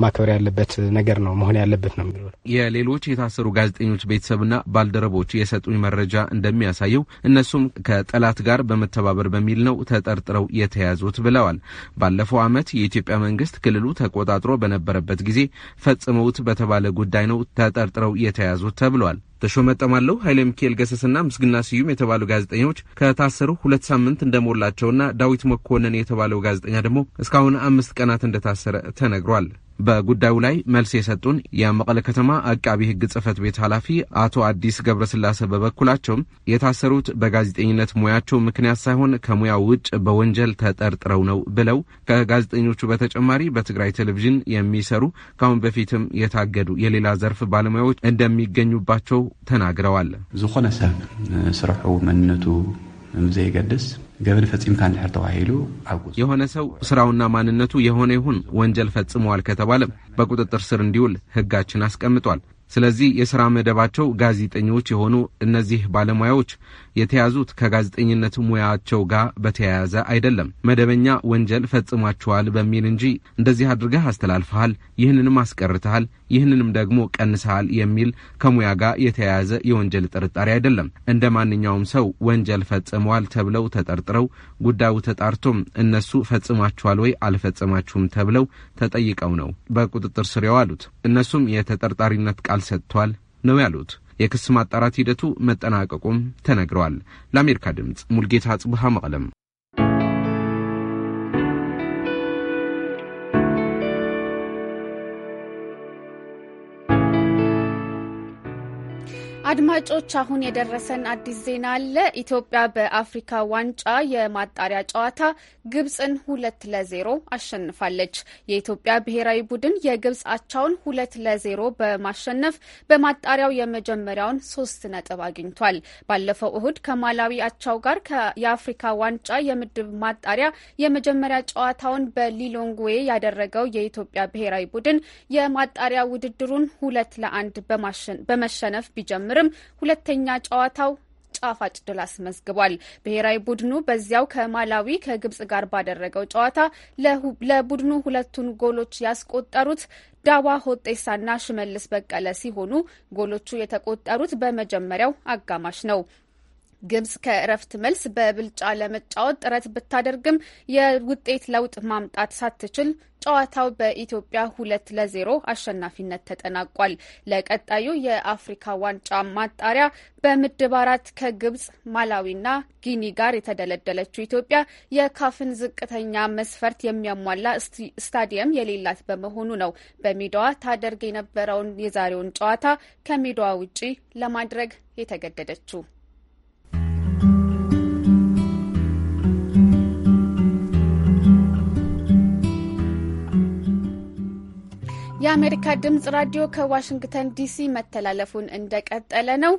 ማክበር ያለበት ነገር ነው መሆን ያለበት ነው የሚለው የሌሎች የታሰሩ ጋዜጠኞች ቤተሰብና ባልደረቦች የሰጡኝ መረጃ እንደሚያሳየው እነሱም ከጠላት ጋር በመተባበር በሚል ነው ተጠርጥረው የተያዙት ብለዋል። ባለፈው ዓመት የኢትዮጵያ መንግስት ክልሉ ተቆጣጥሮ በነበረበት ጊዜ ፈጽመውት በተባለ ጉዳይ ነው ተጠርጥረው የተያዙት ተብሏል። ተሾመ ጠማለው፣ ኃይለ ሚካኤል ገሰስና ምስግና ስዩም የተባሉ ጋዜጠኞች ከታሰሩ ሁለት ሳምንት እንደሞላቸውና ዳዊት መኮንን የተባለው ጋዜጠኛ ደግሞ እስካሁን አምስት ቀናት እንደታሰረ ተነግሯል። በጉዳዩ ላይ መልስ የሰጡን የመቀለ ከተማ አቃቢ ሕግ ጽህፈት ቤት ኃላፊ አቶ አዲስ ገብረስላሴ በበኩላቸው የታሰሩት በጋዜጠኝነት ሙያቸው ምክንያት ሳይሆን ከሙያው ውጭ በወንጀል ተጠርጥረው ነው ብለው ከጋዜጠኞቹ በተጨማሪ በትግራይ ቴሌቪዥን የሚሰሩ ከአሁን በፊትም የታገዱ የሌላ ዘርፍ ባለሙያዎች እንደሚገኙባቸው ተናግረዋል። ዝኾነ ሰብ ስርሑ መንነቱ ዘይገድስ ገበን ፈጺምካ እንድሕር ተባሂሉ ኣብ የሆነ ሰው ስራውና ማንነቱ የሆነ ይሁን ወንጀል ፈጽመዋል ከተባለ በቁጥጥር ስር እንዲውል ህጋችን አስቀምጧል። ስለዚህ የሥራ መደባቸው ጋዜጠኞች የሆኑ እነዚህ ባለሙያዎች የተያዙት ከጋዜጠኝነት ሙያቸው ጋር በተያያዘ አይደለም። መደበኛ ወንጀል ፈጽሟችኋል በሚል እንጂ እንደዚህ አድርገህ አስተላልፈሃል፣ ይህንንም አስቀርተሃል፣ ይህንንም ደግሞ ቀንሰሃል የሚል ከሙያ ጋር የተያያዘ የወንጀል ጥርጣሬ አይደለም። እንደ ማንኛውም ሰው ወንጀል ፈጽመዋል ተብለው ተጠርጥረው ጉዳዩ ተጣርቶም እነሱ ፈጽማችኋል ወይ አልፈጽማችሁም ተብለው ተጠይቀው ነው በቁጥጥር ስር የዋሉት። እነሱም የተጠርጣሪነት ቃል ሰጥቷል ነው ያሉት። የክስ ማጣራት ሂደቱ መጠናቀቁም ተነግረዋል። ለአሜሪካ ድምፅ ሙልጌታ ጽብሃ መቀለም አድማጮች አሁን የደረሰን አዲስ ዜና አለ። ኢትዮጵያ በአፍሪካ ዋንጫ የማጣሪያ ጨዋታ ግብፅን ሁለት ለዜሮ አሸንፋለች። የኢትዮጵያ ብሔራዊ ቡድን የግብፅ አቻውን ሁለት ለዜሮ በማሸነፍ በማጣሪያው የመጀመሪያውን ሶስት ነጥብ አግኝቷል። ባለፈው እሁድ ከማላዊ አቻው ጋር የአፍሪካ ዋንጫ የምድብ ማጣሪያ የመጀመሪያ ጨዋታውን በሊሎንግዌ ያደረገው የኢትዮጵያ ብሔራዊ ቡድን የማጣሪያ ውድድሩን ሁለት ለአንድ በመሸነፍ ቢጀምር ቢጀምርም ሁለተኛ ጨዋታው ጣፋጭ ድል አስመዝግቧል። ብሔራዊ ቡድኑ በዚያው ከማላዊ ከግብጽ ጋር ባደረገው ጨዋታ ለቡድኑ ሁለቱን ጎሎች ያስቆጠሩት ዳዋ ሆጤሳና ሽመልስ በቀለ ሲሆኑ ጎሎቹ የተቆጠሩት በመጀመሪያው አጋማሽ ነው። ግብጽ ከእረፍት መልስ በብልጫ ለመጫወት ጥረት ብታደርግም የውጤት ለውጥ ማምጣት ሳትችል ጨዋታው በኢትዮጵያ ሁለት ለዜሮ አሸናፊነት ተጠናቋል። ለቀጣዩ የአፍሪካ ዋንጫ ማጣሪያ በምድብ አራት ከግብጽ ማላዊና ጊኒ ጋር የተደለደለችው ኢትዮጵያ የካፍን ዝቅተኛ መስፈርት የሚያሟላ ስታዲየም የሌላት በመሆኑ ነው በሜዳዋ ታደርግ የነበረውን የዛሬውን ጨዋታ ከሜዳዋ ውጪ ለማድረግ የተገደደችው። የአሜሪካ ድምጽ ራዲዮ ከዋሽንግተን ዲሲ መተላለፉን እንደቀጠለ ነው።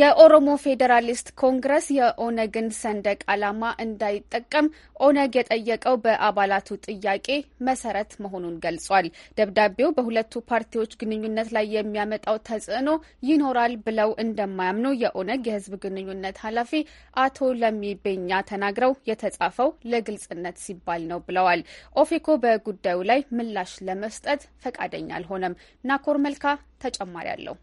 የኦሮሞ ፌዴራሊስት ኮንግረስ የኦነግን ሰንደቅ ዓላማ እንዳይጠቀም ኦነግ የጠየቀው በአባላቱ ጥያቄ መሰረት መሆኑን ገልጿል። ደብዳቤው በሁለቱ ፓርቲዎች ግንኙነት ላይ የሚያመጣው ተጽዕኖ ይኖራል ብለው እንደማያምኑ የኦነግ የሕዝብ ግንኙነት ኃላፊ አቶ ለሚቤኛ ተናግረው የተጻፈው ለግልጽነት ሲባል ነው ብለዋል። ኦፌኮ በጉዳዩ ላይ ምላሽ ለመስጠት ፈቃደኛ አልሆነም። ናኮር መልካ ተጨማሪ አለው።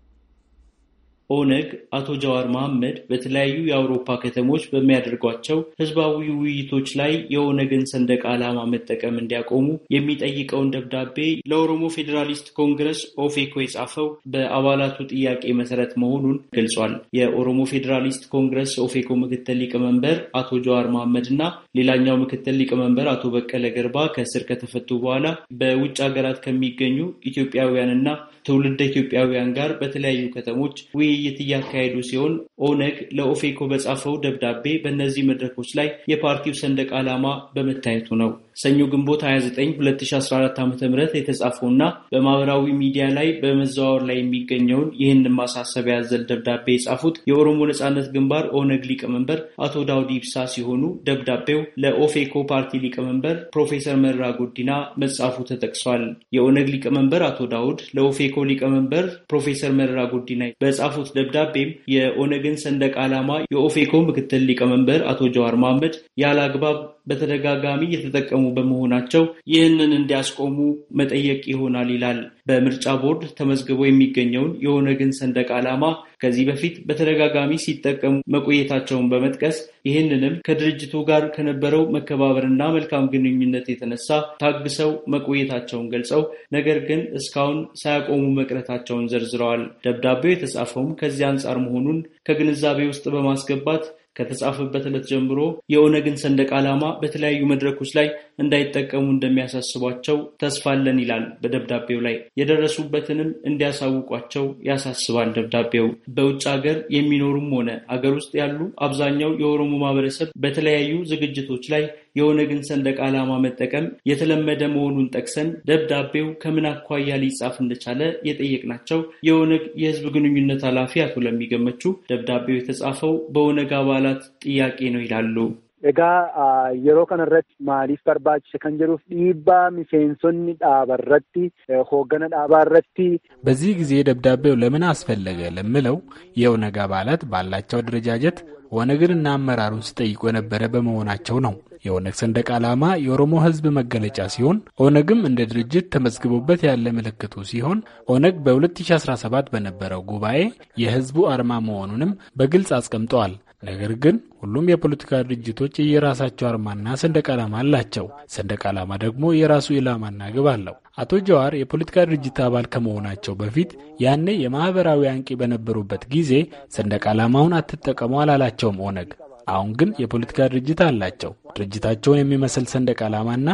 ኦነግ አቶ ጀዋር መሐመድ በተለያዩ የአውሮፓ ከተሞች በሚያደርጓቸው ህዝባዊ ውይይቶች ላይ የኦነግን ሰንደቅ ዓላማ መጠቀም እንዲያቆሙ የሚጠይቀውን ደብዳቤ ለኦሮሞ ፌዴራሊስት ኮንግረስ ኦፌኮ የጻፈው በአባላቱ ጥያቄ መሰረት መሆኑን ገልጿል። የኦሮሞ ፌዴራሊስት ኮንግረስ ኦፌኮ ምክትል ሊቀመንበር አቶ ጀዋር መሐመድ እና ሌላኛው ምክትል ሊቀመንበር አቶ በቀለ ገርባ ከእስር ከተፈቱ በኋላ በውጭ ሀገራት ከሚገኙ ኢትዮጵያውያንና ትውልደ ኢትዮጵያውያን ጋር በተለያዩ ከተሞች ውይይት እያካሄዱ ሲሆን ኦነግ ለኦፌኮ በጻፈው ደብዳቤ በእነዚህ መድረኮች ላይ የፓርቲው ሰንደቅ ዓላማ በመታየቱ ነው። ሰኞ ግንቦት 29 2014 ዓ ም የተጻፈውና በማህበራዊ ሚዲያ ላይ በመዘዋወር ላይ የሚገኘውን ይህን ማሳሰቢያ ያዘል ደብዳቤ የጻፉት የኦሮሞ ነጻነት ግንባር ኦነግ ሊቀመንበር አቶ ዳውድ ኢብሳ ሲሆኑ ደብዳቤው ለኦፌኮ ፓርቲ ሊቀመንበር ፕሮፌሰር መረራ ጉዲና መጻፉ ተጠቅሷል። የኦነግ ሊቀመንበር አቶ ዳውድ ለኦፌኮ ሊቀመንበር ፕሮፌሰር መረራ ጉዲና በጻፉት ደብዳቤም የኦነግን ሰንደቅ ዓላማ የኦፌኮ ምክትል ሊቀመንበር አቶ ጀዋር መሐመድ ያለ አግባብ በተደጋጋሚ የተጠቀሙ በመሆናቸው ይህንን እንዲያስቆሙ መጠየቅ ይሆናል ይላል። በምርጫ ቦርድ ተመዝግቦ የሚገኘውን የኦነግን ሰንደቅ ዓላማ ከዚህ በፊት በተደጋጋሚ ሲጠቀሙ መቆየታቸውን በመጥቀስ ይህንንም ከድርጅቱ ጋር ከነበረው መከባበርና መልካም ግንኙነት የተነሳ ታግሰው መቆየታቸውን ገልጸው ነገር ግን እስካሁን ሳያቆሙ መቅረታቸውን ዘርዝረዋል። ደብዳቤው የተጻፈውም ከዚህ አንጻር መሆኑን ከግንዛቤ ውስጥ በማስገባት ከተጻፈበት ዕለት ጀምሮ የኦነግን ሰንደቅ ዓላማ በተለያዩ መድረኮች ላይ እንዳይጠቀሙ እንደሚያሳስቧቸው ተስፋለን ይላል በደብዳቤው ላይ። የደረሱበትንም እንዲያሳውቋቸው ያሳስባል ደብዳቤው። በውጭ ሀገር የሚኖሩም ሆነ አገር ውስጥ ያሉ አብዛኛው የኦሮሞ ማህበረሰብ በተለያዩ ዝግጅቶች ላይ የኦነግን ሰንደቅ ዓላማ መጠቀም የተለመደ መሆኑን ጠቅሰን ደብዳቤው ከምን አኳያ ሊጻፍ እንደቻለ የጠየቅናቸው የኦነግ የህዝብ ግንኙነት ኃላፊ አቶ ለሚገመቹ ደብዳቤው የተጻፈው በኦነግ አባላት ጥያቄ ነው ይላሉ። Egaa yeroo kanarratti maaliif barbaachise kan jedhuuf dhiibbaa miseensonni dhaaba irratti e, hoogganaa hoogana irratti. በዚህ ጊዜ ደብዳቤው ለምን አስፈለገ ለምለው የኦነግ አባላት ባላቸው አደረጃጀት ኦነግንና አመራሩን ሲጠይቁ የነበረ በመሆናቸው ነው። የኦነግ ሰንደቅ ዓላማ የኦሮሞ ሕዝብ መገለጫ ሲሆን ኦነግም እንደ ድርጅት ተመዝግቦበት ያለ ምልክቱ ሲሆን ኦነግ በ2017 በነበረው ጉባኤ የሕዝቡ አርማ መሆኑንም በግልጽ አስቀምጠዋል። ነገር ግን ሁሉም የፖለቲካ ድርጅቶች የየራሳቸው አርማና ሰንደቅ ዓላማ አላቸው። ሰንደቅ ዓላማ ደግሞ የራሱ ኢላማና ግብ አለው። አቶ ጀዋር የፖለቲካ ድርጅት አባል ከመሆናቸው በፊት ያኔ የማህበራዊ አንቂ በነበሩበት ጊዜ ሰንደቅ ዓላማውን አትጠቀሙ አላላቸውም ኦነግ። አሁን ግን የፖለቲካ ድርጅት አላቸው። ድርጅታቸውን የሚመስል ሰንደቅ ዓላማና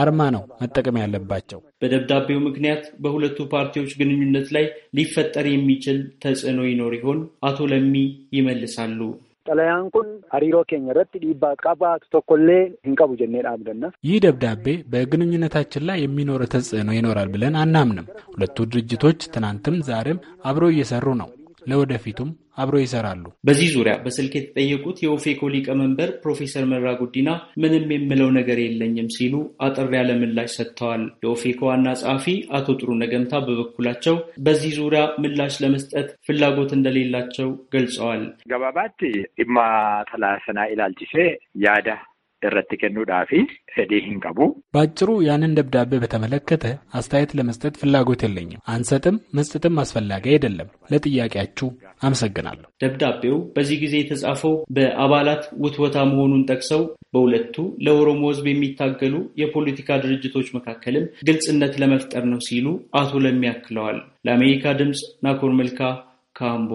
አርማ ነው መጠቀም ያለባቸው። በደብዳቤው ምክንያት በሁለቱ ፓርቲዎች ግንኙነት ላይ ሊፈጠር የሚችል ተጽዕኖ ይኖር ይሆን? አቶ ለሚ ይመልሳሉ። xalayaan kun hariiroo keenya irratti dhiibbaa qabaatu tokkollee hin qabu jennee dhaabdanna. ይህ ደብዳቤ በግንኙነታችን ላይ የሚኖር ተጽዕኖ ይኖራል ብለን አናምንም። ሁለቱ ድርጅቶች ትናንትም ዛሬም አብረው እየሰሩ ነው። ለወደፊቱም አብረው ይሰራሉ። በዚህ ዙሪያ በስልክ የተጠየቁት የኦፌኮ ሊቀመንበር ፕሮፌሰር መራ ጉዲና ምንም የምለው ነገር የለኝም ሲሉ አጠር ያለ ምላሽ ሰጥተዋል። የኦፌኮ ዋና ጸሐፊ አቶ ጥሩ ነገምታ በበኩላቸው በዚህ ዙሪያ ምላሽ ለመስጠት ፍላጎት እንደሌላቸው ገልጸዋል። ገባባት ማ ተላሰና ኢላልጭሴ ያዳ irratti kennuudhaaf fedhii hin qabu. በአጭሩ ያንን ደብዳቤ በተመለከተ አስተያየት ለመስጠት ፍላጎት የለኝም። አንሰጥም መስጠትም አስፈላጊ አይደለም። ለጥያቄያችሁ አመሰግናለሁ። ደብዳቤው በዚህ ጊዜ የተጻፈው በአባላት ውትወታ መሆኑን ጠቅሰው በሁለቱ ለኦሮሞ ሕዝብ የሚታገሉ የፖለቲካ ድርጅቶች መካከልም ግልጽነት ለመፍጠር ነው ሲሉ አቶ ለሚ ለአሜሪካ ድምፅ ናኮር መልካ ካምቦ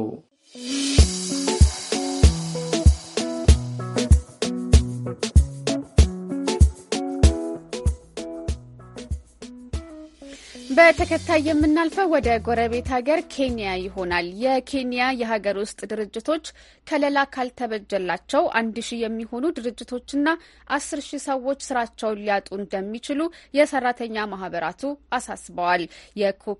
በተከታይ የምናልፈው ወደ ጎረቤት ሀገር ኬንያ ይሆናል። የኬንያ የሀገር ውስጥ ድርጅቶች ከለላ ካልተበጀላቸው አንድ ሺህ የሚሆኑ ድርጅቶችና አስር ሺህ ሰዎች ስራቸውን ሊያጡ እንደሚችሉ የሰራተኛ ማህበራቱ አሳስበዋል።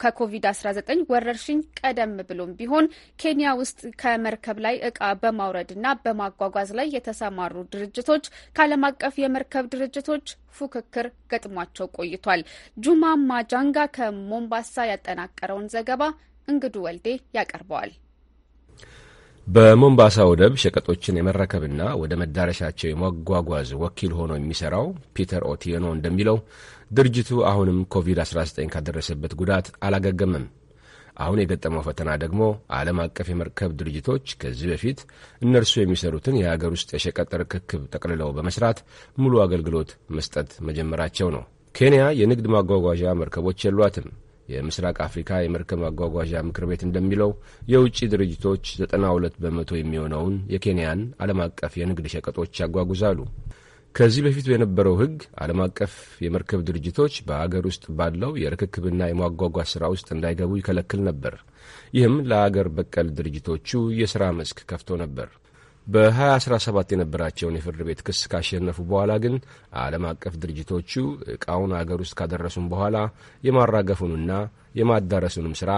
ከኮቪድ-19 ወረርሽኝ ቀደም ብሎም ቢሆን ኬንያ ውስጥ ከመርከብ ላይ እቃ በማውረድና በማጓጓዝ ላይ የተሰማሩ ድርጅቶች ከዓለም አቀፍ የመርከብ ድርጅቶች ፉክክር ገጥሟቸው ቆይቷል። ጁማ ማጃንጋ ከሞምባሳ ያጠናቀረውን ዘገባ እንግዱ ወልዴ ያቀርበዋል። በሞምባሳ ወደብ ሸቀጦችን የመረከብና ወደ መዳረሻቸው የመጓጓዝ ወኪል ሆኖ የሚሰራው ፒተር ኦቲኖ እንደሚለው ድርጅቱ አሁንም ኮቪድ-19 ካደረሰበት ጉዳት አላገገምም። አሁን የገጠመው ፈተና ደግሞ ዓለም አቀፍ የመርከብ ድርጅቶች ከዚህ በፊት እነርሱ የሚሰሩትን የሀገር ውስጥ የሸቀጥ ርክክብ ጠቅልለው በመስራት ሙሉ አገልግሎት መስጠት መጀመራቸው ነው። ኬንያ የንግድ ማጓጓዣ መርከቦች የሏትም። የምስራቅ አፍሪካ የመርከብ ማጓጓዣ ምክር ቤት እንደሚለው የውጭ ድርጅቶች 92 በመቶ የሚሆነውን የኬንያን ዓለም አቀፍ የንግድ ሸቀጦች ያጓጉዛሉ። ከዚህ በፊት የነበረው ሕግ ዓለም አቀፍ የመርከብ ድርጅቶች በአገር ውስጥ ባለው የርክክብና የማጓጓዝ ሥራ ውስጥ እንዳይገቡ ይከለክል ነበር። ይህም ለአገር በቀል ድርጅቶቹ የሥራ መስክ ከፍቶ ነበር። በ2017 የነበራቸውን የፍርድ ቤት ክስ ካሸነፉ በኋላ ግን ዓለም አቀፍ ድርጅቶቹ ዕቃውን አገር ውስጥ ካደረሱም በኋላ የማራገፉንና የማዳረሱንም ሥራ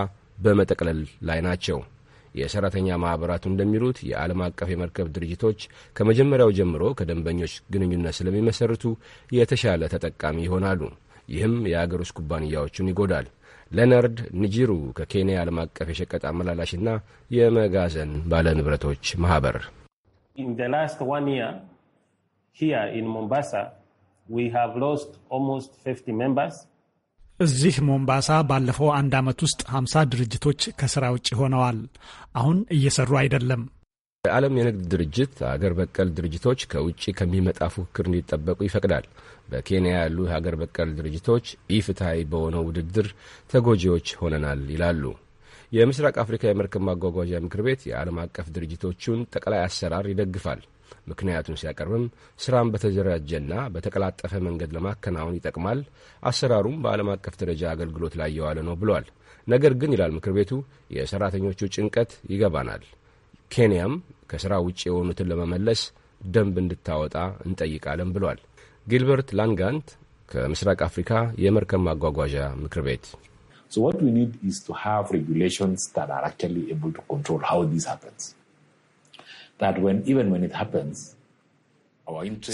በመጠቅለል ላይ ናቸው። የሰራተኛ ማኅበራቱ እንደሚሉት የዓለም አቀፍ የመርከብ ድርጅቶች ከመጀመሪያው ጀምሮ ከደንበኞች ግንኙነት ስለሚመሰርቱ የተሻለ ተጠቃሚ ይሆናሉ። ይህም የአገር ውስጥ ኩባንያዎቹን ይጎዳል። ሌናርድ ንጂሩ ከኬንያ ዓለም አቀፍ የሸቀጥ አመላላሽና የመጋዘን ባለንብረቶች ማኅበር ሞምባሳ እዚህ ሞምባሳ ባለፈው አንድ ዓመት ውስጥ 50 ድርጅቶች ከስራ ውጭ ሆነዋል። አሁን እየሰሩ አይደለም። የዓለም የንግድ ድርጅት አገር በቀል ድርጅቶች ከውጭ ከሚመጣ ፉክክር እንዲጠበቁ ይፈቅዳል። በኬንያ ያሉ የሀገር በቀል ድርጅቶች ኢፍትሐዊ በሆነው ውድድር ተጎጂዎች ሆነናል ይላሉ። የምስራቅ አፍሪካ የመርከብ ማጓጓዣ ምክር ቤት የዓለም አቀፍ ድርጅቶቹን ጠቅላይ አሰራር ይደግፋል። ምክንያቱን ሲያቀርብም ስራም በተደራጀና በተቀላጠፈ መንገድ ለማከናወን ይጠቅማል፣ አሰራሩም በዓለም አቀፍ ደረጃ አገልግሎት ላይ የዋለ ነው ብሏል። ነገር ግን ይላል ምክር ቤቱ የሰራተኞቹ ጭንቀት ይገባናል። ኬንያም ከስራ ውጭ የሆኑትን ለመመለስ ደንብ እንድታወጣ እንጠይቃለን ብሏል። ጊልበርት ላንጋንት ከምስራቅ አፍሪካ የመርከብ ማጓጓዣ ምክር ቤት So what we need is to have regulations that are actually able to control how this happens.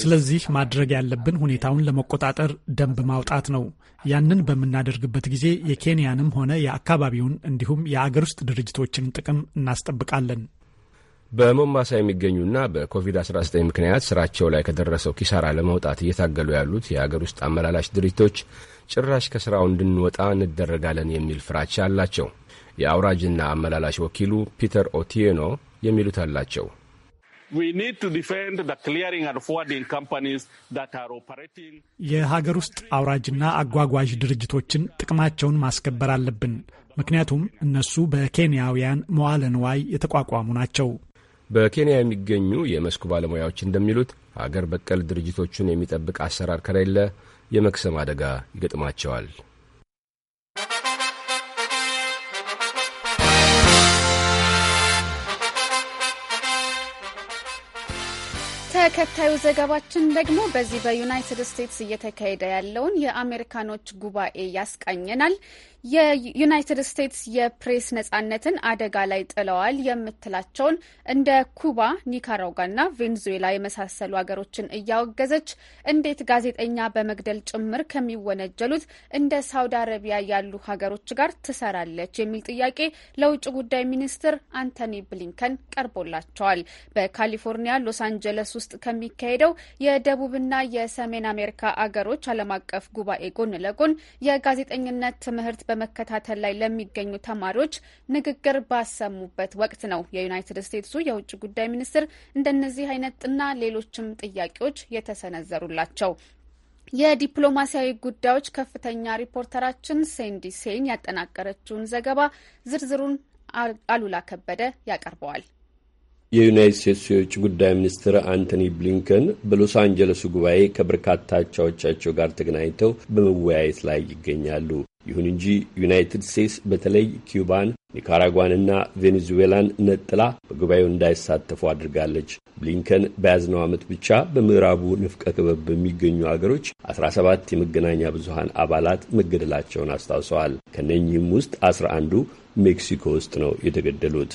ስለዚህ ማድረግ ያለብን ሁኔታውን ለመቆጣጠር ደንብ ማውጣት ነው። ያንን በምናደርግበት ጊዜ የኬንያንም ሆነ የአካባቢውን እንዲሁም የአገር ውስጥ ድርጅቶችን ጥቅም እናስጠብቃለን። በሞማሳ የሚገኙና በኮቪድ-19 ምክንያት ስራቸው ላይ ከደረሰው ኪሳራ ለመውጣት እየታገሉ ያሉት የአገር ውስጥ አመላላሽ ድርጅቶች ጭራሽ ከስራው እንድንወጣ እንደረጋለን የሚል ፍራቻ አላቸው። የአውራጅና አመላላሽ ወኪሉ ፒተር ኦቲኖ የሚሉት አላቸው። የሀገር ውስጥ አውራጅና አጓጓዥ ድርጅቶችን ጥቅማቸውን ማስከበር አለብን። ምክንያቱም እነሱ በኬንያውያን መዋለ ንዋይ የተቋቋሙ ናቸው። በኬንያ የሚገኙ የመስኩ ባለሙያዎች እንደሚሉት ሀገር በቀል ድርጅቶቹን የሚጠብቅ አሰራር ከሌለ የመክሰም አደጋ ይገጥማቸዋል። ተከታዩ ዘገባችን ደግሞ በዚህ በዩናይትድ ስቴትስ እየተካሄደ ያለውን የአሜሪካኖች ጉባኤ ያስቃኘናል። የዩናይትድ ስቴትስ የፕሬስ ነጻነትን አደጋ ላይ ጥለዋል የምትላቸውን እንደ ኩባ፣ ኒካራጓና ቬንዙዌላ የመሳሰሉ ሀገሮችን እያወገዘች እንዴት ጋዜጠኛ በመግደል ጭምር ከሚወነጀሉት እንደ ሳውዲ አረቢያ ያሉ ሀገሮች ጋር ትሰራለች የሚል ጥያቄ ለውጭ ጉዳይ ሚኒስትር አንቶኒ ብሊንከን ቀርቦላቸዋል። በካሊፎርኒያ ሎስ አንጀለስ ውስጥ ከሚካሄደው የደቡብና የሰሜን አሜሪካ አገሮች ዓለም አቀፍ ጉባኤ ጎን ለጎን የጋዜጠኝነት ትምህርት በመከታተል ላይ ለሚገኙ ተማሪዎች ንግግር ባሰሙበት ወቅት ነው። የዩናይትድ ስቴትሱ የውጭ ጉዳይ ሚኒስትር እንደነዚህ አይነትና ሌሎችም ጥያቄዎች የተሰነዘሩላቸው። የዲፕሎማሲያዊ ጉዳዮች ከፍተኛ ሪፖርተራችን ሴንዲ ሴን ያጠናቀረችውን ዘገባ ዝርዝሩን አሉላ ከበደ ያቀርበዋል። የዩናይት ስቴትስ የውጭ ጉዳይ ሚኒስትር አንቶኒ ብሊንከን በሎስ አንጀለሱ ጉባኤ ከበርካታ አቻዎቻቸው ጋር ተገናኝተው በመወያየት ላይ ይገኛሉ። ይሁን እንጂ ዩናይትድ ስቴትስ በተለይ ኪውባን፣ ኒካራጓንና ቬኔዙዌላን ነጥላ በጉባኤው እንዳይሳተፉ አድርጋለች። ብሊንከን በያዝነው ዓመት ብቻ በምዕራቡ ንፍቀ ክበብ በሚገኙ አገሮች 17 የመገናኛ ብዙሃን አባላት መገደላቸውን አስታውሰዋል። ከነኚህም ውስጥ 11ዱ ሜክሲኮ ውስጥ ነው የተገደሉት።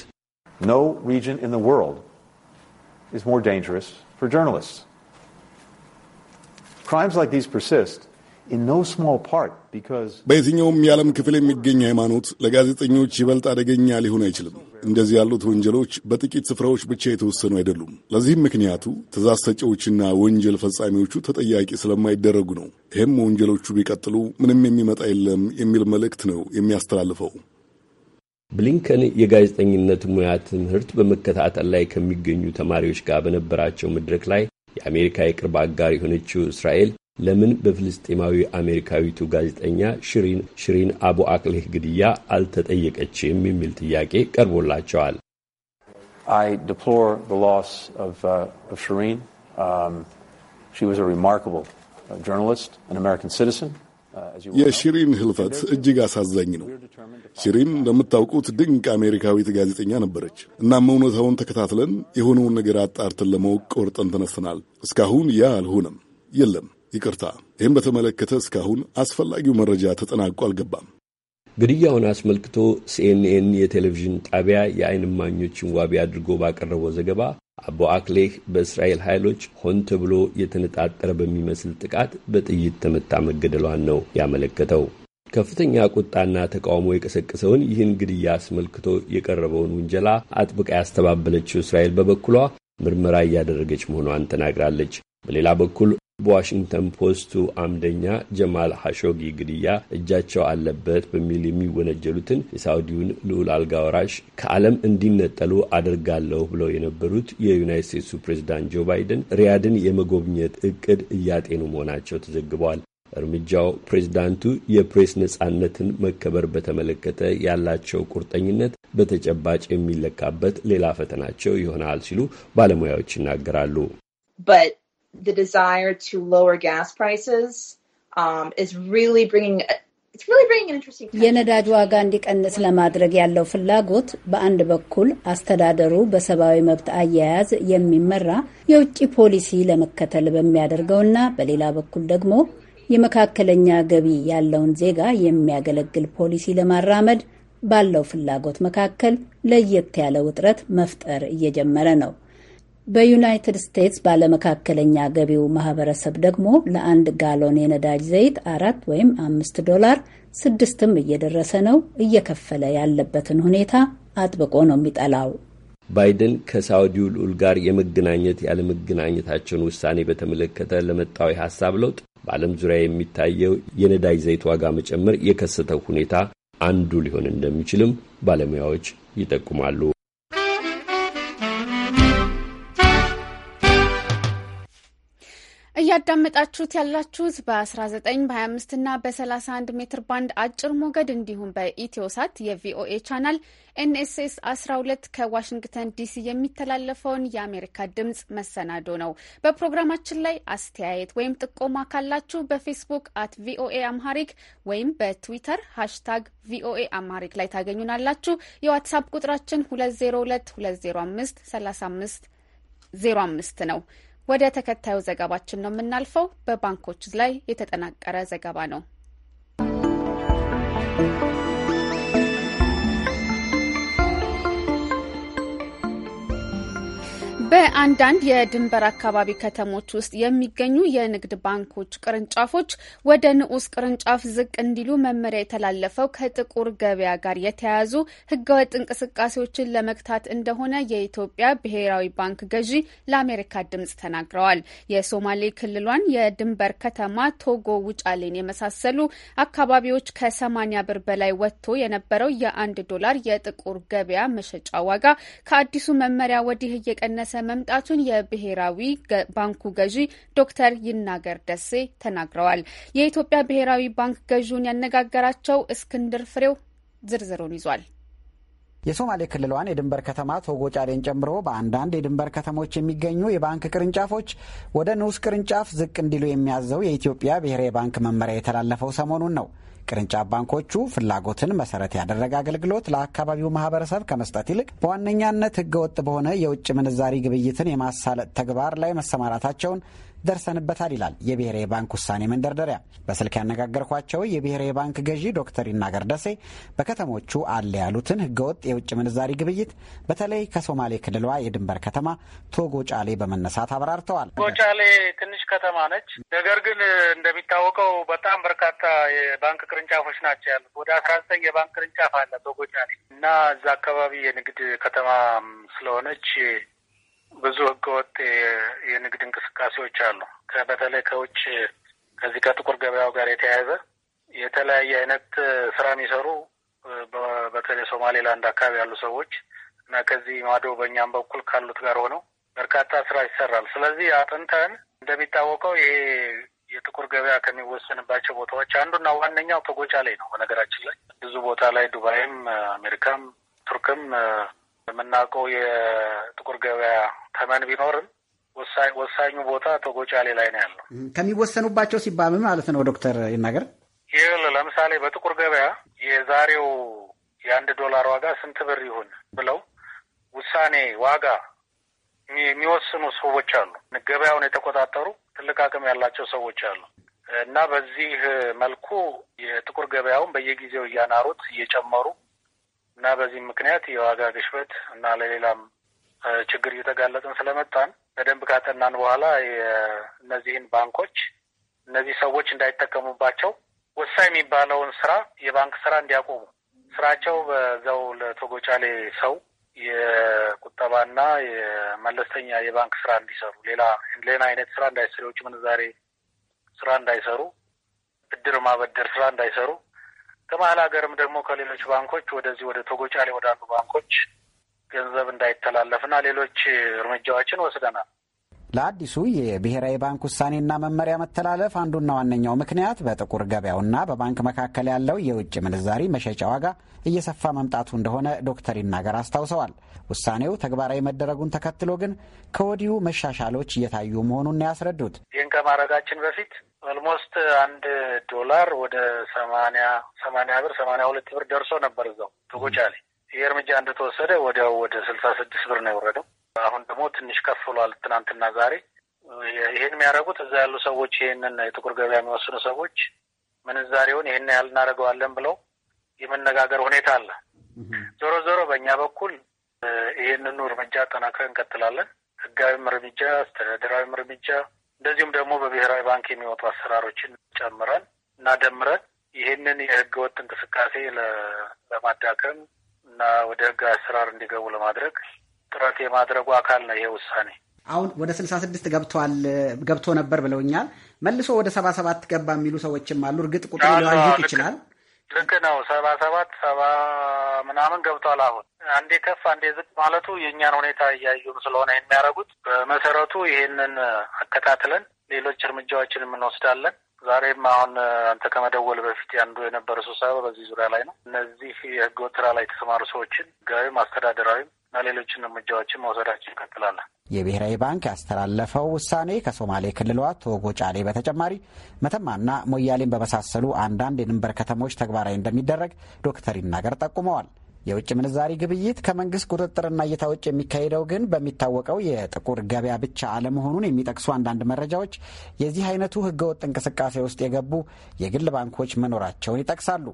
No region in the world is more dangerous for journalists. Crimes like these persist በየትኛውም የዓለም ክፍል የሚገኝ ሃይማኖት ለጋዜጠኞች ይበልጥ አደገኛ ሊሆን አይችልም። እንደዚህ ያሉት ወንጀሎች በጥቂት ስፍራዎች ብቻ የተወሰኑ አይደሉም። ለዚህም ምክንያቱ ትእዛዝ ሰጪዎችና ወንጀል ፈጻሚዎቹ ተጠያቂ ስለማይደረጉ ነው። ይህም ወንጀሎቹ ቢቀጥሉ ምንም የሚመጣ የለም የሚል መልእክት ነው የሚያስተላልፈው። ብሊንከን የጋዜጠኝነት ሙያ ትምህርት በመከታተል ላይ ከሚገኙ ተማሪዎች ጋር በነበራቸው መድረክ ላይ የአሜሪካ የቅርብ አጋር የሆነችው እስራኤል ለምን በፍልስጤማዊ አሜሪካዊቱ ጋዜጠኛ ሽሪን ሽሪን አቡ አክሌህ ግድያ አልተጠየቀችም የሚል ጥያቄ ቀርቦላቸዋል። ሽሪን የሽሪን ህልፈት እጅግ አሳዛኝ ነው። ሽሪን እንደምታውቁት ድንቅ አሜሪካዊት ጋዜጠኛ ነበረች። እናም እውነታውን ተከታትለን የሆነውን ነገር አጣርተን ለማወቅ ቆርጠን ተነስተናል። እስካሁን ያ አልሆነም። የለም፣ ይቅርታ። ይህም በተመለከተ እስካሁን አስፈላጊው መረጃ ተጠናቆ አልገባም። ግድያውን አስመልክቶ ሲኤንኤን የቴሌቪዥን ጣቢያ የአይን እማኞችን ዋቢ አድርጎ ባቀረበው ዘገባ አቦ አክሌህ በእስራኤል ኃይሎች ሆን ተብሎ የተነጣጠረ በሚመስል ጥቃት በጥይት ተመታ መገደሏን ነው ያመለከተው። ከፍተኛ ቁጣና ተቃውሞ የቀሰቀሰውን ይህን ግድያ አስመልክቶ የቀረበውን ውንጀላ አጥብቃ ያስተባበለችው እስራኤል በበኩሏ ምርመራ እያደረገች መሆኗን ተናግራለች። በሌላ በኩል በዋሽንግተን ፖስቱ አምደኛ ጀማል ሐሾጊ ግድያ እጃቸው አለበት በሚል የሚወነጀሉትን የሳውዲውን ልዑል አልጋ ወራሽ ከዓለም እንዲነጠሉ አድርጋለሁ ብለው የነበሩት የዩናይት ስቴትሱ ፕሬዚዳንት ጆ ባይደን ሪያድን የመጎብኘት እቅድ እያጤኑ መሆናቸው ተዘግበዋል። እርምጃው ፕሬዚዳንቱ የፕሬስ ነጻነትን መከበር በተመለከተ ያላቸው ቁርጠኝነት በተጨባጭ የሚለካበት ሌላ ፈተናቸው ይሆናል ሲሉ ባለሙያዎች ይናገራሉ። the desire to lower gas prices um, is really bringing የነዳጅ ዋጋ እንዲቀንስ ለማድረግ ያለው ፍላጎት በአንድ በኩል አስተዳደሩ በሰብአዊ መብት አያያዝ የሚመራ የውጭ ፖሊሲ ለመከተል በሚያደርገውና በሌላ በኩል ደግሞ የመካከለኛ ገቢ ያለውን ዜጋ የሚያገለግል ፖሊሲ ለማራመድ ባለው ፍላጎት መካከል ለየት ያለ ውጥረት መፍጠር እየጀመረ ነው። በዩናይትድ ስቴትስ ባለመካከለኛ ገቢው ማህበረሰብ ደግሞ ለአንድ ጋሎን የነዳጅ ዘይት አራት ወይም አምስት ዶላር ስድስትም እየደረሰ ነው እየከፈለ ያለበትን ሁኔታ አጥብቆ ነው የሚጠላው። ባይደን ከሳውዲው ልዑል ጋር የመገናኘት ያለመገናኘታቸውን ውሳኔ በተመለከተ ለመጣው የሀሳብ ለውጥ በዓለም ዙሪያ የሚታየው የነዳጅ ዘይት ዋጋ መጨመር የከሰተው ሁኔታ አንዱ ሊሆን እንደሚችልም ባለሙያዎች ይጠቁማሉ። እያዳመጣችሁት ያላችሁት በ19 በ25 እና በ31 ሜትር ባንድ አጭር ሞገድ እንዲሁም በኢትዮሳት የቪኦኤ ቻናል ኤንኤስኤስ 12 ከዋሽንግተን ዲሲ የሚተላለፈውን የአሜሪካ ድምፅ መሰናዶ ነው። በፕሮግራማችን ላይ አስተያየት ወይም ጥቆማ ካላችሁ በፌስቡክ አት ቪኦኤ አምሃሪክ ወይም በትዊተር ሃሽታግ ቪኦኤ አምሃሪክ ላይ ታገኙናላችሁ። የዋትሳፕ ቁጥራችን 202205 35 ነው። ወደ ተከታዩ ዘገባችን ነው የምናልፈው። በባንኮች ላይ የተጠናቀረ ዘገባ ነው። በአንዳንድ የድንበር አካባቢ ከተሞች ውስጥ የሚገኙ የንግድ ባንኮች ቅርንጫፎች ወደ ንዑስ ቅርንጫፍ ዝቅ እንዲሉ መመሪያ የተላለፈው ከጥቁር ገበያ ጋር የተያያዙ ሕገወጥ እንቅስቃሴዎችን ለመግታት እንደሆነ የኢትዮጵያ ብሔራዊ ባንክ ገዢ ለአሜሪካ ድምጽ ተናግረዋል። የሶማሌ ክልሏን የድንበር ከተማ ቶጎ ውጫሌን የመሳሰሉ አካባቢዎች ከሰማኒያ ብር በላይ ወጥቶ የነበረው የአንድ ዶላር የጥቁር ገበያ መሸጫ ዋጋ ከአዲሱ መመሪያ ወዲህ እየቀነሰ እየቀነሰ መምጣቱን የብሔራዊ ባንኩ ገዢ ዶክተር ይናገር ደሴ ተናግረዋል። የኢትዮጵያ ብሔራዊ ባንክ ገዢውን ያነጋገራቸው እስክንድር ፍሬው ዝርዝሩን ይዟል። የሶማሌ ክልሏን የድንበር ከተማ ቶጎ ጨምሮ በአንዳንድ የድንበር ከተሞች የሚገኙ የባንክ ቅርንጫፎች ወደ ንዑስ ቅርንጫፍ ዝቅ እንዲሉ የሚያዘው የኢትዮጵያ ብሔራዊ ባንክ መመሪያ የተላለፈው ሰሞኑን ነው። ቅርንጫፍ ባንኮቹ ፍላጎትን መሰረት ያደረገ አገልግሎት ለአካባቢው ማህበረሰብ ከመስጠት ይልቅ በዋነኛነት ህገወጥ በሆነ የውጭ ምንዛሪ ግብይትን የማሳለጥ ተግባር ላይ መሰማራታቸውን ደርሰንበታል ይላል የብሔራዊ ባንክ ውሳኔ መንደርደሪያ። በስልክ ያነጋገርኳቸው የብሔራዊ ባንክ ገዢ ዶክተር ይናገር ደሴ በከተሞቹ አለ ያሉትን ህገወጥ የውጭ ምንዛሪ ግብይት በተለይ ከሶማሌ ክልሏ የድንበር ከተማ ቶጎ ጫሌ በመነሳት አብራርተዋል። ቶጎ ጫሌ ትንሽ ከተማ ነች። ነገር ግን እንደሚታወቀው በጣም በርካታ የባንክ ቅርንጫፎች ናቸው ያሉት። ወደ አስራ ዘጠኝ የባንክ ቅርንጫፍ አለ ቶጎ ጫሌ እና እዛ አካባቢ የንግድ ከተማ ስለሆነች ብዙ ህገወጥ የንግድ እንቅስቃሴዎች አሉ። በተለይ ከውጭ ከዚህ ከጥቁር ገበያው ጋር የተያያዘ የተለያየ አይነት ስራ የሚሰሩ በተለይ ሶማሌላንድ አካባቢ ያሉ ሰዎች እና ከዚህ ማዶ በእኛም በኩል ካሉት ጋር ሆነው በርካታ ስራ ይሰራል። ስለዚህ አጥንተን እንደሚታወቀው ይሄ የጥቁር ገበያ ከሚወሰንባቸው ቦታዎች አንዱና ዋነኛው ተጎጫ ላይ ነው። በነገራችን ላይ ብዙ ቦታ ላይ ዱባይም፣ አሜሪካም፣ ቱርክም የምናውቀው የጥቁር ገበያ ተመን ቢኖርም ወሳኙ ቦታ ቶጎጫሌ ላይ ነው ያለው። ከሚወሰኑባቸው ሲባል ማለት ነው ዶክተር ይናገር? ይህ ለምሳሌ በጥቁር ገበያ የዛሬው የአንድ ዶላር ዋጋ ስንት ብር ይሁን ብለው ውሳኔ ዋጋ የሚወስኑ ሰዎች አሉ። ገበያውን የተቆጣጠሩ ትልቅ አቅም ያላቸው ሰዎች አሉ እና በዚህ መልኩ የጥቁር ገበያውን በየጊዜው እያናሩት እየጨመሩ እና በዚህም ምክንያት የዋጋ ግሽበት እና ለሌላም ችግር እየተጋለጥን ስለመጣን በደንብ ካጠናን በኋላ እነዚህን ባንኮች እነዚህ ሰዎች እንዳይጠቀሙባቸው ወሳኝ የሚባለውን ስራ የባንክ ስራ እንዲያቆሙ ስራቸው በዛው ለቶጎቻሌ ሰው የቁጠባና የመለስተኛ የባንክ ስራ እንዲሰሩ ሌላ ሌላ አይነት ስራ እንዳይሰሩ የውጭ ምንዛሬ ስራ እንዳይሰሩ ብድር ማበደር ስራ እንዳይሰሩ ከመሀል ሀገርም ደግሞ ከሌሎች ባንኮች ወደዚህ ወደ ቶጎቻሌ ወዳሉ ባንኮች ገንዘብ እንዳይተላለፍና ሌሎች እርምጃዎችን ወስደናል። ለአዲሱ የብሔራዊ ባንክ ውሳኔና መመሪያ መተላለፍ አንዱና ዋነኛው ምክንያት በጥቁር ገበያውና በባንክ መካከል ያለው የውጭ ምንዛሪ መሸጫ ዋጋ እየሰፋ መምጣቱ እንደሆነ ዶክተር ይናገር አስታውሰዋል። ውሳኔው ተግባራዊ መደረጉን ተከትሎ ግን ከወዲሁ መሻሻሎች እየታዩ መሆኑን ያስረዱት ይህን ከማድረጋችን በፊት ኦልሞስት አንድ ዶላር ወደ ሰማንያ ሰማንያ ብር ሰማንያ ሁለት ብር ደርሶ ነበር እዛው ቶጎቻሌ። ይህ እርምጃ እንደተወሰደ ወዲያው ወደ ስልሳ ስድስት ብር ነው የወረደው። አሁን ደግሞ ትንሽ ከፍ ብሏል ትናንትና ዛሬ። ይህን የሚያደርጉት እዛ ያሉ ሰዎች ይህንን የጥቁር ገበያ የሚወስኑ ሰዎች ምንዛሬውን ይህን ያህል እናደርገዋለን ብለው የመነጋገር ሁኔታ አለ። ዞሮ ዞሮ በእኛ በኩል ይህንኑ እርምጃ አጠናክረን እንቀጥላለን። ህጋዊም እርምጃ፣ አስተዳደራዊም እርምጃ እንደዚሁም ደግሞ በብሔራዊ ባንክ የሚወጡ አሰራሮችን ጨምረን እና ደምረን ይህንን የህገ ወጥ እንቅስቃሴ ለማዳከም እና ወደ ህግ አሰራር እንዲገቡ ለማድረግ ጥረት የማድረጉ አካል ነው ይሄ ውሳኔ። አሁን ወደ ስልሳ ስድስት ገብቷል ገብቶ ነበር ብለውኛል። መልሶ ወደ ሰባ ሰባት ገባ የሚሉ ሰዎችም አሉ። እርግጥ ቁጥሩ ሊዋዥቅ ይችላል። ልክ ነው። ሰባ ሰባት ሰባ ምናምን ገብቷል አሁን አንዴ ከፍ አንዴ ዝቅ ማለቱ የእኛን ሁኔታ እያዩም ስለሆነ የሚያደርጉት በመሰረቱ ይሄንን አከታትለን ሌሎች እርምጃዎችን እንወስዳለን። ዛሬም አሁን አንተ ከመደወል በፊት አንዱ የነበረ ስብሰባ በዚህ ዙሪያ ላይ ነው። እነዚህ የህገወጥ ስራ ላይ የተሰማሩ ሰዎችን ህጋዊም አስተዳደራዊም እና ሌሎችን እርምጃዎችን መውሰዳችን ይቀጥላለን። የብሔራዊ ባንክ ያስተላለፈው ውሳኔ ከሶማሌ ክልሏ ቶጎ ጫሌ በተጨማሪ መተማና ሞያሌን በመሳሰሉ አንዳንድ የድንበር ከተሞች ተግባራዊ እንደሚደረግ ዶክተር ይናገር ጠቁመዋል። የውጭ ምንዛሪ ግብይት ከመንግስት ቁጥጥርና እይታ ውጭ የሚካሄደው ግን በሚታወቀው የጥቁር ገበያ ብቻ አለመሆኑን የሚጠቅሱ አንዳንድ መረጃዎች የዚህ አይነቱ ህገወጥ እንቅስቃሴ ውስጥ የገቡ የግል ባንኮች መኖራቸውን ይጠቅሳሉ።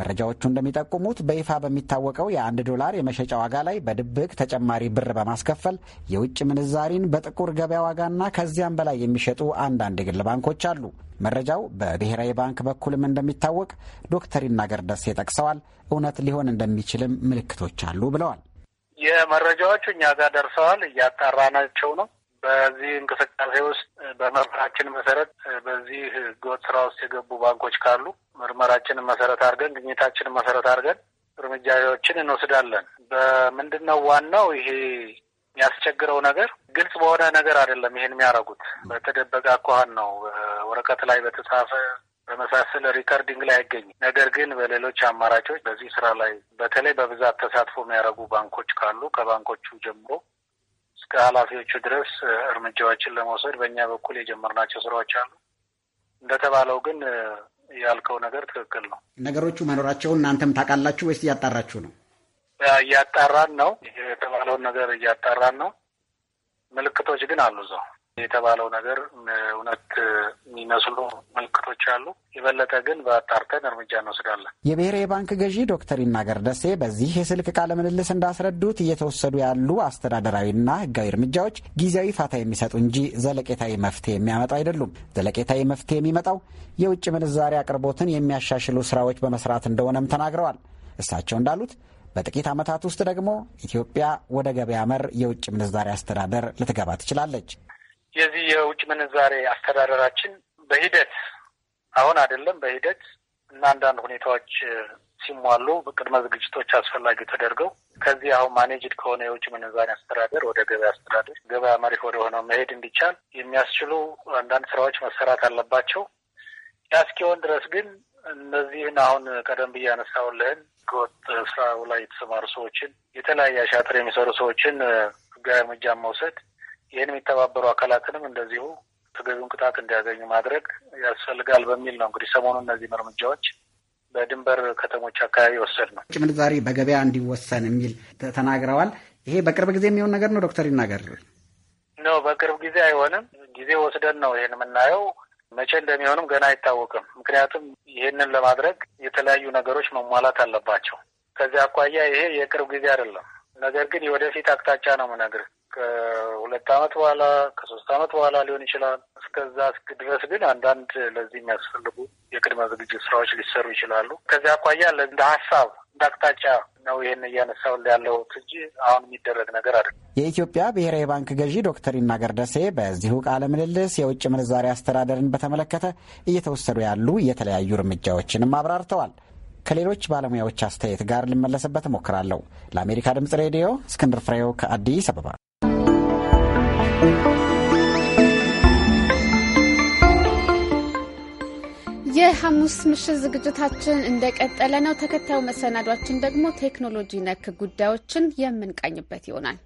መረጃዎቹ እንደሚጠቁሙት በይፋ በሚታወቀው የአንድ ዶላር የመሸጫ ዋጋ ላይ በድብቅ ተጨማሪ ብር በማስከፈል የውጭ ምንዛሪን በጥቁር ገበያ ዋጋና ከዚያም በላይ የሚሸጡ አንዳንድ የግል ባንኮች አሉ። መረጃው በብሔራዊ ባንክ በኩልም እንደሚታወቅ ዶክተር ይናገር ደሴ ጠቅሰዋል። እውነት ሊሆን እንደሚችልም ምልክቶች አሉ ብለዋል። የመረጃዎቹ እኛ ጋር ደርሰዋል። እያጣራናቸው ነው። በዚህ እንቅስቃሴ ውስጥ በምርመራችን መሰረት በዚህ ህገወጥ ስራ ውስጥ የገቡ ባንኮች ካሉ ምርመራችንን መሰረት አድርገን ግኝታችንን መሰረት አድርገን እርምጃዎችን እንወስዳለን። በምንድን ነው ዋናው ይሄ የሚያስቸግረው ነገር ግልጽ በሆነ ነገር አይደለም። ይሄን የሚያደርጉት በተደበቀ አኳኋን ነው። ወረቀት ላይ በተጻፈ በመሳሰል ሪከርዲንግ ላይ አይገኝም። ነገር ግን በሌሎች አማራጮች በዚህ ስራ ላይ በተለይ በብዛት ተሳትፎ የሚያደርጉ ባንኮች ካሉ ከባንኮቹ ጀምሮ እስከ ኃላፊዎቹ ድረስ እርምጃዎችን ለመውሰድ በእኛ በኩል የጀመርናቸው ስራዎች አሉ። እንደተባለው ግን ያልከው ነገር ትክክል ነው። ነገሮቹ መኖራቸውን እናንተም ታውቃላችሁ ወይስ እያጣራችሁ ነው? እያጣራን ነው። የተባለውን ነገር እያጣራን ነው። ምልክቶች ግን አሉ። እዛው የተባለው ነገር እውነት የሚመስሉ ምልክቶች አሉ። የበለጠ ግን በአጣርተን እርምጃ እንወስዳለን። የብሔራዊ ባንክ ገዢ ዶክተር ይናገር ደሴ በዚህ የስልክ ቃለ ምልልስ እንዳስረዱት እየተወሰዱ ያሉ አስተዳደራዊና ሕጋዊ እርምጃዎች ጊዜያዊ ፋታ የሚሰጡ እንጂ ዘለቄታዊ መፍትሄ የሚያመጡ አይደሉም። ዘለቄታዊ መፍትሄ የሚመጣው የውጭ ምንዛሪ አቅርቦትን የሚያሻሽሉ ስራዎች በመስራት እንደሆነም ተናግረዋል። እሳቸው እንዳሉት በጥቂት ዓመታት ውስጥ ደግሞ ኢትዮጵያ ወደ ገበያ መር የውጭ ምንዛሬ አስተዳደር ልትገባ ትችላለች። የዚህ የውጭ ምንዛሬ አስተዳደራችን በሂደት አሁን አይደለም፣ በሂደት እና አንዳንድ ሁኔታዎች ሲሟሉ ቅድመ ዝግጅቶች አስፈላጊ ተደርገው ከዚህ አሁን ማኔጅድ ከሆነ የውጭ ምንዛሬ አስተዳደር ወደ ገበያ አስተዳደር ገበያ መሪህ ወደ ሆነው መሄድ እንዲቻል የሚያስችሉ አንዳንድ ስራዎች መሰራት አለባቸው። ያ እስኪሆን ድረስ ግን እነዚህን አሁን ቀደም ብዬ ያነሳሁልህን ህገወጥ ስራው ላይ የተሰማሩ ሰዎችን፣ የተለያየ አሻጥር የሚሰሩ ሰዎችን ህጋዊ እርምጃ መውሰድ፣ ይህን የሚተባበሩ አካላትንም እንደዚሁ ተገቢውን ቅጣት እንዲያገኙ ማድረግ ያስፈልጋል በሚል ነው እንግዲህ ሰሞኑን እነዚህም እርምጃዎች በድንበር ከተሞች አካባቢ ወሰድ ነው። ውጭ ምንዛሪ በገበያ እንዲወሰን የሚል ተናግረዋል። ይሄ በቅርብ ጊዜ የሚሆን ነገር ነው ዶክተር ይናገር ነው። በቅርብ ጊዜ አይሆንም። ጊዜ ወስደን ነው ይህን የምናየው። መቼ እንደሚሆንም ገና አይታወቅም። ምክንያቱም ይህንን ለማድረግ የተለያዩ ነገሮች መሟላት አለባቸው። ከዚያ አኳያ ይሄ የቅርብ ጊዜ አይደለም። ነገር ግን የወደፊት አቅጣጫ ነው የምነግርህ። ከሁለት ዓመት በኋላ ከሶስት ዓመት በኋላ ሊሆን ይችላል። እስከዛ ድረስ ግን አንዳንድ ለዚህ የሚያስፈልጉ የቅድመ ዝግጅት ስራዎች ሊሰሩ ይችላሉ። ከዚያ አኳያ እንደ ሀሳብ እንዳቅጣጫ ነው ይህን እያነሳው ያለሁት እንጂ አሁን የሚደረግ ነገር አለ። የኢትዮጵያ ብሔራዊ ባንክ ገዢ ዶክተር ይናገር ደሴ በዚሁ ቃለ ምልልስ የውጭ ምንዛሪ አስተዳደርን በተመለከተ እየተወሰዱ ያሉ የተለያዩ እርምጃዎችንም አብራርተዋል። ከሌሎች ባለሙያዎች አስተያየት ጋር ልመለስበት እሞክራለሁ። ለአሜሪካ ድምጽ ሬዲዮ እስክንድር ፍሬው ከአዲስ አበባ የሐሙስ ምሽት ዝግጅታችን እንደቀጠለ ነው። ተከታዩ መሰናዷችን ደግሞ ቴክኖሎጂ ነክ ጉዳዮችን የምንቃኝበት ይሆናል።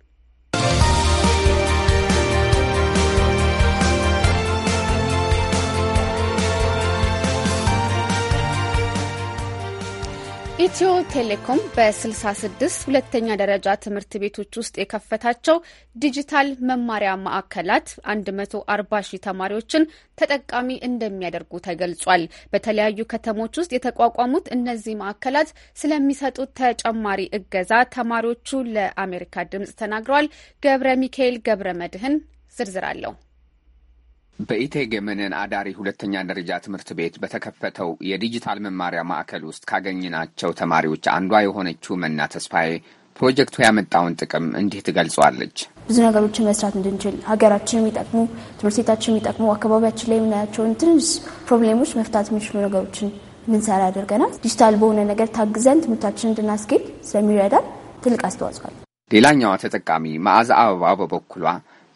ኢትዮ ቴሌኮም በ66 ሁለተኛ ደረጃ ትምህርት ቤቶች ውስጥ የከፈታቸው ዲጂታል መማሪያ ማዕከላት 140 ሺህ ተማሪዎችን ተጠቃሚ እንደሚያደርጉ ተገልጿል። በተለያዩ ከተሞች ውስጥ የተቋቋሙት እነዚህ ማዕከላት ስለሚሰጡት ተጨማሪ እገዛ ተማሪዎቹ ለአሜሪካ ድምፅ ተናግረዋል። ገብረ ሚካኤል ገብረ መድህን ዝርዝር አለው። በኢቴጌ መነን አዳሪ ሁለተኛ ደረጃ ትምህርት ቤት በተከፈተው የዲጂታል መማሪያ ማዕከል ውስጥ ካገኘናቸው ተማሪዎች አንዷ የሆነችው መና ተስፋዬ ፕሮጀክቱ ያመጣውን ጥቅም እንዲህ ትገልጿለች። ብዙ ነገሮችን መስራት እንድንችል ሀገራችን የሚጠቅሙ ትምህርት ቤታችን የሚጠቅሙ አካባቢያችን ላይ የምናያቸውን ትንሽ ፕሮብሌሞች መፍታት የሚችሉ ነገሮችን ምንሰራ ያደርገናል። ዲጂታል በሆነ ነገር ታግዘን ትምህርታችን እንድናስጌድ ስለሚረዳ ትልቅ አስተዋጽኦ አለ። ሌላኛዋ ተጠቃሚ መዓዛ አበባ በበኩሏ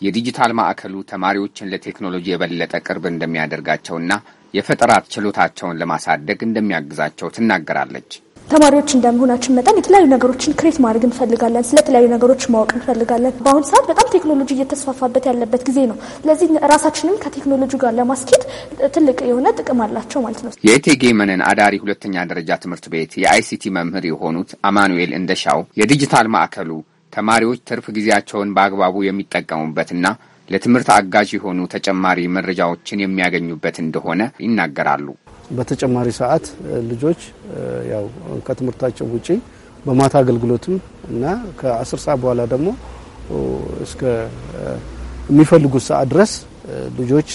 የዲጂታል ማዕከሉ ተማሪዎችን ለቴክኖሎጂ የበለጠ ቅርብ እንደሚያደርጋቸውና የፈጠራ ችሎታቸውን ለማሳደግ እንደሚያግዛቸው ትናገራለች። ተማሪዎች እንደመሆናችን መጠን የተለያዩ ነገሮችን ክሬት ማድረግ እንፈልጋለን። ስለተለያዩ ነገሮች ማወቅ እንፈልጋለን። በአሁኑ ሰዓት በጣም ቴክኖሎጂ እየተስፋፋበት ያለበት ጊዜ ነው። ስለዚህ ራሳችንም ከቴክኖሎጂ ጋር ለማስኬድ ትልቅ የሆነ ጥቅም አላቸው ማለት ነው። የእቴጌ መነን አዳሪ ሁለተኛ ደረጃ ትምህርት ቤት የአይሲቲ መምህር የሆኑት አማኑኤል እንደሻው የዲጂታል ማዕከሉ ተማሪዎች ትርፍ ጊዜያቸውን በአግባቡ የሚጠቀሙበትና ለትምህርት አጋዥ የሆኑ ተጨማሪ መረጃዎችን የሚያገኙበት እንደሆነ ይናገራሉ። በተጨማሪ ሰዓት ልጆች ያው ከትምህርታቸው ውጪ በማታ አገልግሎትም እና ከአስር ሰዓት በኋላ ደግሞ እስከ የሚፈልጉት ሰዓት ድረስ ልጆች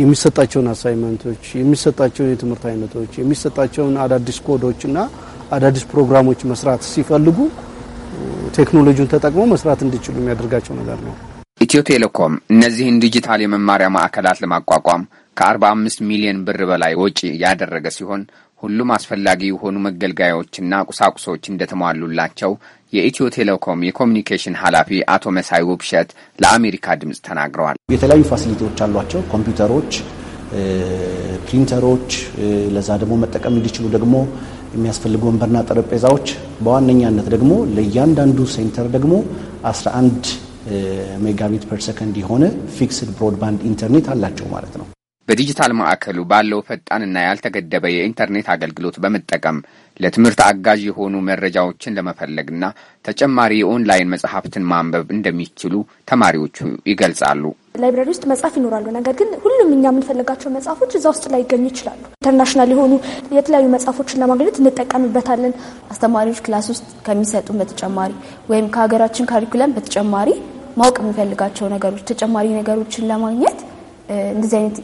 የሚሰጣቸውን አሳይመንቶች፣ የሚሰጣቸውን የትምህርት አይነቶች፣ የሚሰጣቸውን አዳዲስ ኮዶች እና አዳዲስ ፕሮግራሞች መስራት ሲፈልጉ ቴክኖሎጂውን ተጠቅመው መስራት እንዲችሉ የሚያደርጋቸው ነገር ነው። ኢትዮ ቴሌኮም እነዚህን ዲጂታል የመማሪያ ማዕከላት ለማቋቋም ከ45 ሚሊዮን ብር በላይ ወጪ ያደረገ ሲሆን ሁሉም አስፈላጊ የሆኑ መገልገያዎችና ቁሳቁሶች እንደተሟሉላቸው የኢትዮ ቴሌኮም የኮሚኒኬሽን ኃላፊ አቶ መሳይ ውብሸት ለአሜሪካ ድምፅ ተናግረዋል። የተለያዩ ፋሲሊቲዎች አሏቸው። ኮምፒውተሮች፣ ፕሪንተሮች፣ ለዛ ደግሞ መጠቀም እንዲችሉ ደግሞ የሚያስፈልጉ ወንበርና ጠረጴዛዎች በዋነኛነት ደግሞ ለእያንዳንዱ ሴንተር ደግሞ 11 ሜጋቢት ፐር ሰከንድ የሆነ ፊክስድ ብሮድባንድ ኢንተርኔት አላቸው ማለት ነው። በዲጂታል ማዕከሉ ባለው ፈጣንና ያልተገደበ የኢንተርኔት አገልግሎት በመጠቀም ለትምህርት አጋዥ የሆኑ መረጃዎችን ለመፈለግና ተጨማሪ የኦንላይን መጽሐፍትን ማንበብ እንደሚችሉ ተማሪዎቹ ይገልጻሉ። ላይብራሪ ውስጥ መጽሐፍ ይኖራሉ። ነገር ግን ሁሉም እኛ የምንፈልጋቸው መጽሐፎች እዛ ውስጥ ላይ ይገኙ ይችላሉ። ኢንተርናሽናል የሆኑ የተለያዩ መጽሐፎችን ለማግኘት እንጠቀምበታለን። አስተማሪዎች ክላስ ውስጥ ከሚሰጡ በተጨማሪ ወይም ከሀገራችን ካሪኩለም በተጨማሪ ማወቅ የሚፈልጋቸው ነገሮች ተጨማሪ ነገሮችን ለማግኘት እንደዚህ አይነት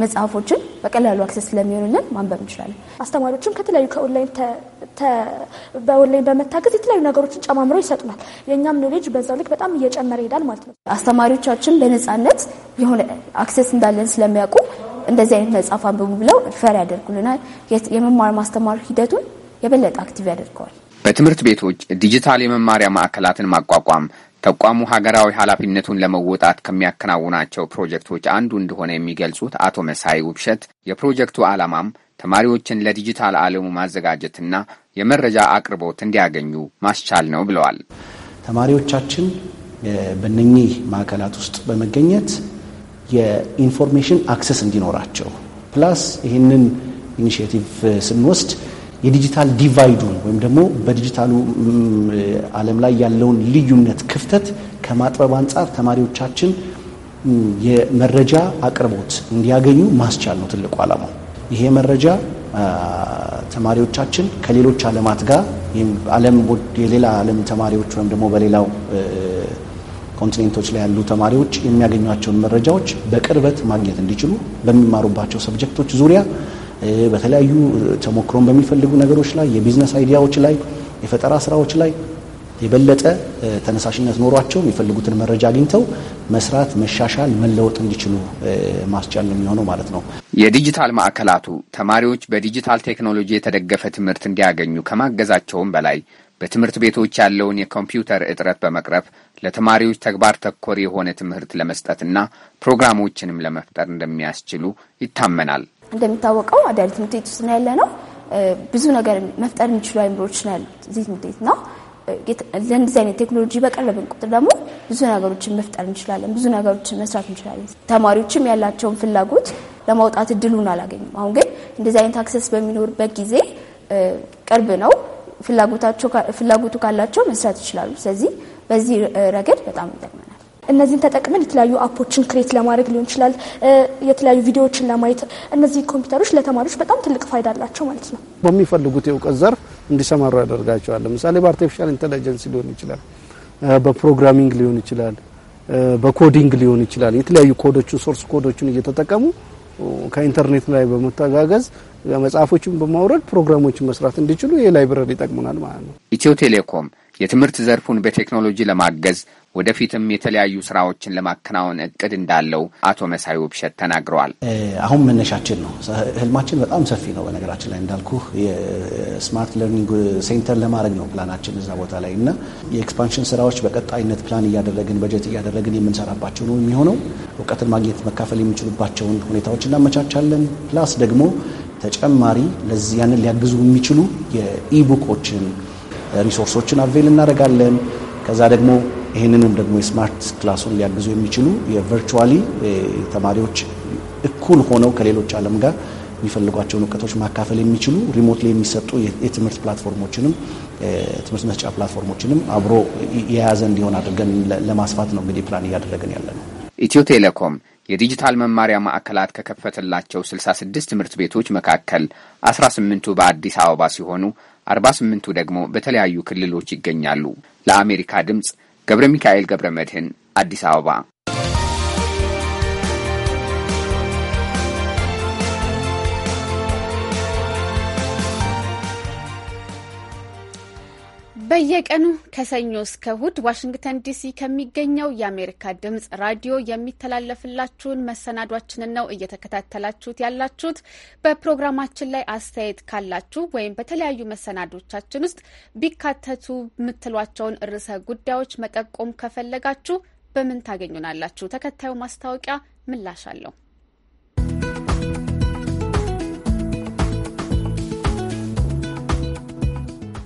መጽሐፎችን በቀላሉ አክሰስ ስለሚሆኑልን ማንበብ እንችላለን። አስተማሪዎችም ከተለያዩ ከኦንላይን በኦንላይን በመታገዝ የተለያዩ ነገሮችን ጨማምረው ይሰጡናል። የእኛም ኖሌጅ በዛው ልክ በጣም እየጨመረ ይሄዳል ማለት ነው። አስተማሪዎቻችን በነፃነት የሆነ አክሰስ እንዳለን ስለሚያውቁ እንደዚህ አይነት መጽሐፍ አንብቡ ብለው ፈር ያደርጉልናል። የመማር ማስተማር ሂደቱን የበለጠ አክቲቭ ያደርገዋል። በትምህርት ቤቶች ዲጂታል የመማሪያ ማዕከላትን ማቋቋም ተቋሙ ሀገራዊ ኃላፊነቱን ለመወጣት ከሚያከናውናቸው ፕሮጀክቶች አንዱ እንደሆነ የሚገልጹት አቶ መሳይ ውብሸት የፕሮጀክቱ ዓላማም ተማሪዎችን ለዲጂታል ዓለሙ ማዘጋጀትና የመረጃ አቅርቦት እንዲያገኙ ማስቻል ነው ብለዋል። ተማሪዎቻችን በነኚህ ማዕከላት ውስጥ በመገኘት የኢንፎርሜሽን አክሰስ እንዲኖራቸው ፕላስ ይህንን ኢኒሽቲቭ ስንወስድ የዲጂታል ዲቫይዱን ወይም ደግሞ በዲጂታሉ ዓለም ላይ ያለውን ልዩነት ክፍተት ከማጥበብ አንጻር ተማሪዎቻችን የመረጃ አቅርቦት እንዲያገኙ ማስቻል ነው ትልቁ ዓላማው። ይሄ መረጃ ተማሪዎቻችን ከሌሎች ዓለማት ጋር የሌላ ዓለም ተማሪዎች ወይም ደግሞ በሌላው ኮንቲኔንቶች ላይ ያሉ ተማሪዎች የሚያገኟቸውን መረጃዎች በቅርበት ማግኘት እንዲችሉ በሚማሩባቸው ሰብጀክቶች ዙሪያ በተለያዩ ተሞክሮን በሚፈልጉ ነገሮች ላይ የቢዝነስ አይዲያዎች ላይ የፈጠራ ስራዎች ላይ የበለጠ ተነሳሽነት ኖሯቸው የሚፈልጉትን መረጃ አግኝተው መስራት፣ መሻሻል፣ መለወጥ እንዲችሉ ማስቻል ነው የሚሆነው ማለት ነው። የዲጂታል ማዕከላቱ ተማሪዎች በዲጂታል ቴክኖሎጂ የተደገፈ ትምህርት እንዲያገኙ ከማገዛቸውም በላይ በትምህርት ቤቶች ያለውን የኮምፒውተር እጥረት በመቅረፍ ለተማሪዎች ተግባር ተኮር የሆነ ትምህርት ለመስጠትና ፕሮግራሞችንም ለመፍጠር እንደሚያስችሉ ይታመናል። እንደሚታወቀው አዳሪ ትምህርት ቤት ውስጥ ነው ያለ ነው። ብዙ ነገር መፍጠር የሚችሉ አይምሮች ነው ያሉት እዚህ ትምህርት ቤት ነው። ለእንደዚህ አይነት ቴክኖሎጂ በቀረብን ቁጥር ደግሞ ብዙ ነገሮችን መፍጠር እንችላለን፣ ብዙ ነገሮችን መስራት እንችላለን። ተማሪዎችም ያላቸውን ፍላጎት ለማውጣት እድሉን አላገኙም። አሁን ግን እንደዚህ አይነት አክሰስ በሚኖርበት ጊዜ ቅርብ ነው፣ ፍላጎቱ ካላቸው መስራት ይችላሉ። ስለዚህ በዚህ ረገድ በጣም ይጠቅመናል። እነዚህን ተጠቅመን የተለያዩ አፖችን ክሬት ለማድረግ ሊሆን ይችላል፣ የተለያዩ ቪዲዮዎችን ለማየት እነዚህ ኮምፒውተሮች ለተማሪዎች በጣም ትልቅ ፋይዳ አላቸው ማለት ነው። በሚፈልጉት የእውቀት ዘርፍ እንዲሰማሩ ያደርጋቸዋል። ለምሳሌ በአርቲፊሻል ኢንቴሊጀንስ ሊሆን ይችላል፣ በፕሮግራሚንግ ሊሆን ይችላል፣ በኮዲንግ ሊሆን ይችላል። የተለያዩ ኮዶችን ሶርስ ኮዶችን እየተጠቀሙ ከኢንተርኔት ላይ በመተጋገዝ መጽሐፎችን በማውረድ ፕሮግራሞችን መስራት እንዲችሉ ይህ ላይብረሪ ይጠቅመናል ማለት ነው። ኢትዮ ቴሌኮም የትምህርት ዘርፉን በቴክኖሎጂ ለማገዝ ወደፊትም የተለያዩ ስራዎችን ለማከናወን እቅድ እንዳለው አቶ መሳይ ውብሸት ተናግረዋል። አሁን መነሻችን ነው። ህልማችን በጣም ሰፊ ነው። በነገራችን ላይ እንዳልኩ የስማርት ለርኒንግ ሴንተር ለማድረግ ነው ፕላናችን እዛ ቦታ ላይ እና የኤክስፓንሽን ስራዎች በቀጣይነት ፕላን እያደረግን በጀት እያደረግን የምንሰራባቸው ነው የሚሆነው። እውቀትን ማግኘት መካፈል የሚችሉባቸውን ሁኔታዎች እናመቻቻለን። ፕላስ ደግሞ ተጨማሪ ለዚህ ያንን ሊያግዙ የሚችሉ የኢቡኮችን ሪሶርሶችን አቬል እናደርጋለን። ከዛ ደግሞ ይህንንም ደግሞ የስማርት ክላሱን ሊያግዙ የሚችሉ የቨርቹዋሊ ተማሪዎች እኩል ሆነው ከሌሎች ዓለም ጋር የሚፈልጓቸውን እውቀቶች ማካፈል የሚችሉ ሪሞት የሚሰጡ የትምህርት ፕላትፎርሞችንም ትምህርት መስጫ ፕላትፎርሞችንም አብሮ የያዘ እንዲሆን አድርገን ለማስፋት ነው እንግዲህ ፕላን እያደረገን ያለ ነው። ኢትዮ ቴሌኮም የዲጂታል መማሪያ ማዕከላት ከከፈተላቸው 66 ትምህርት ቤቶች መካከል 18ቱ በአዲስ አበባ ሲሆኑ አርባ ስምንቱ ደግሞ በተለያዩ ክልሎች ይገኛሉ። ለአሜሪካ ድምፅ ገብረ ሚካኤል ገብረ መድህን አዲስ አበባ በየቀኑ ከሰኞ እስከ እሁድ ዋሽንግተን ዲሲ ከሚገኘው የአሜሪካ ድምጽ ራዲዮ የሚተላለፍላችሁን መሰናዷችንን ነው እየተከታተላችሁት ያላችሁት። በፕሮግራማችን ላይ አስተያየት ካላችሁ ወይም በተለያዩ መሰናዶቻችን ውስጥ ቢካተቱ የምትሏቸውን ርዕሰ ጉዳዮች መጠቆም ከፈለጋችሁ በምን ታገኙናላችሁ? ተከታዩ ማስታወቂያ ምላሽ አለው።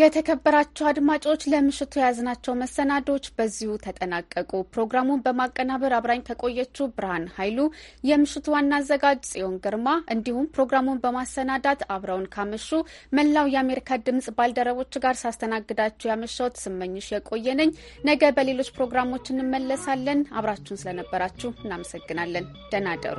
የተከበራቸው አድማጮች ለምሽቱ የያዝናቸው መሰናዶች በዚሁ ተጠናቀቁ። ፕሮግራሙን በማቀናበር አብራኝ ከቆየችው ብርሃን ኃይሉ፣ የምሽቱ ዋና አዘጋጅ ጽዮን ግርማ እንዲሁም ፕሮግራሙን በማሰናዳት አብረውን ካመሹ መላው የአሜሪካ ድምጽ ባልደረቦች ጋር ሳስተናግዳችሁ ያመሻውት ስመኝሽ የቆየነኝ። ነገ በሌሎች ፕሮግራሞች እንመለሳለን። አብራችሁን ስለነበራችሁ እናመሰግናለን። ደህና ደሩ።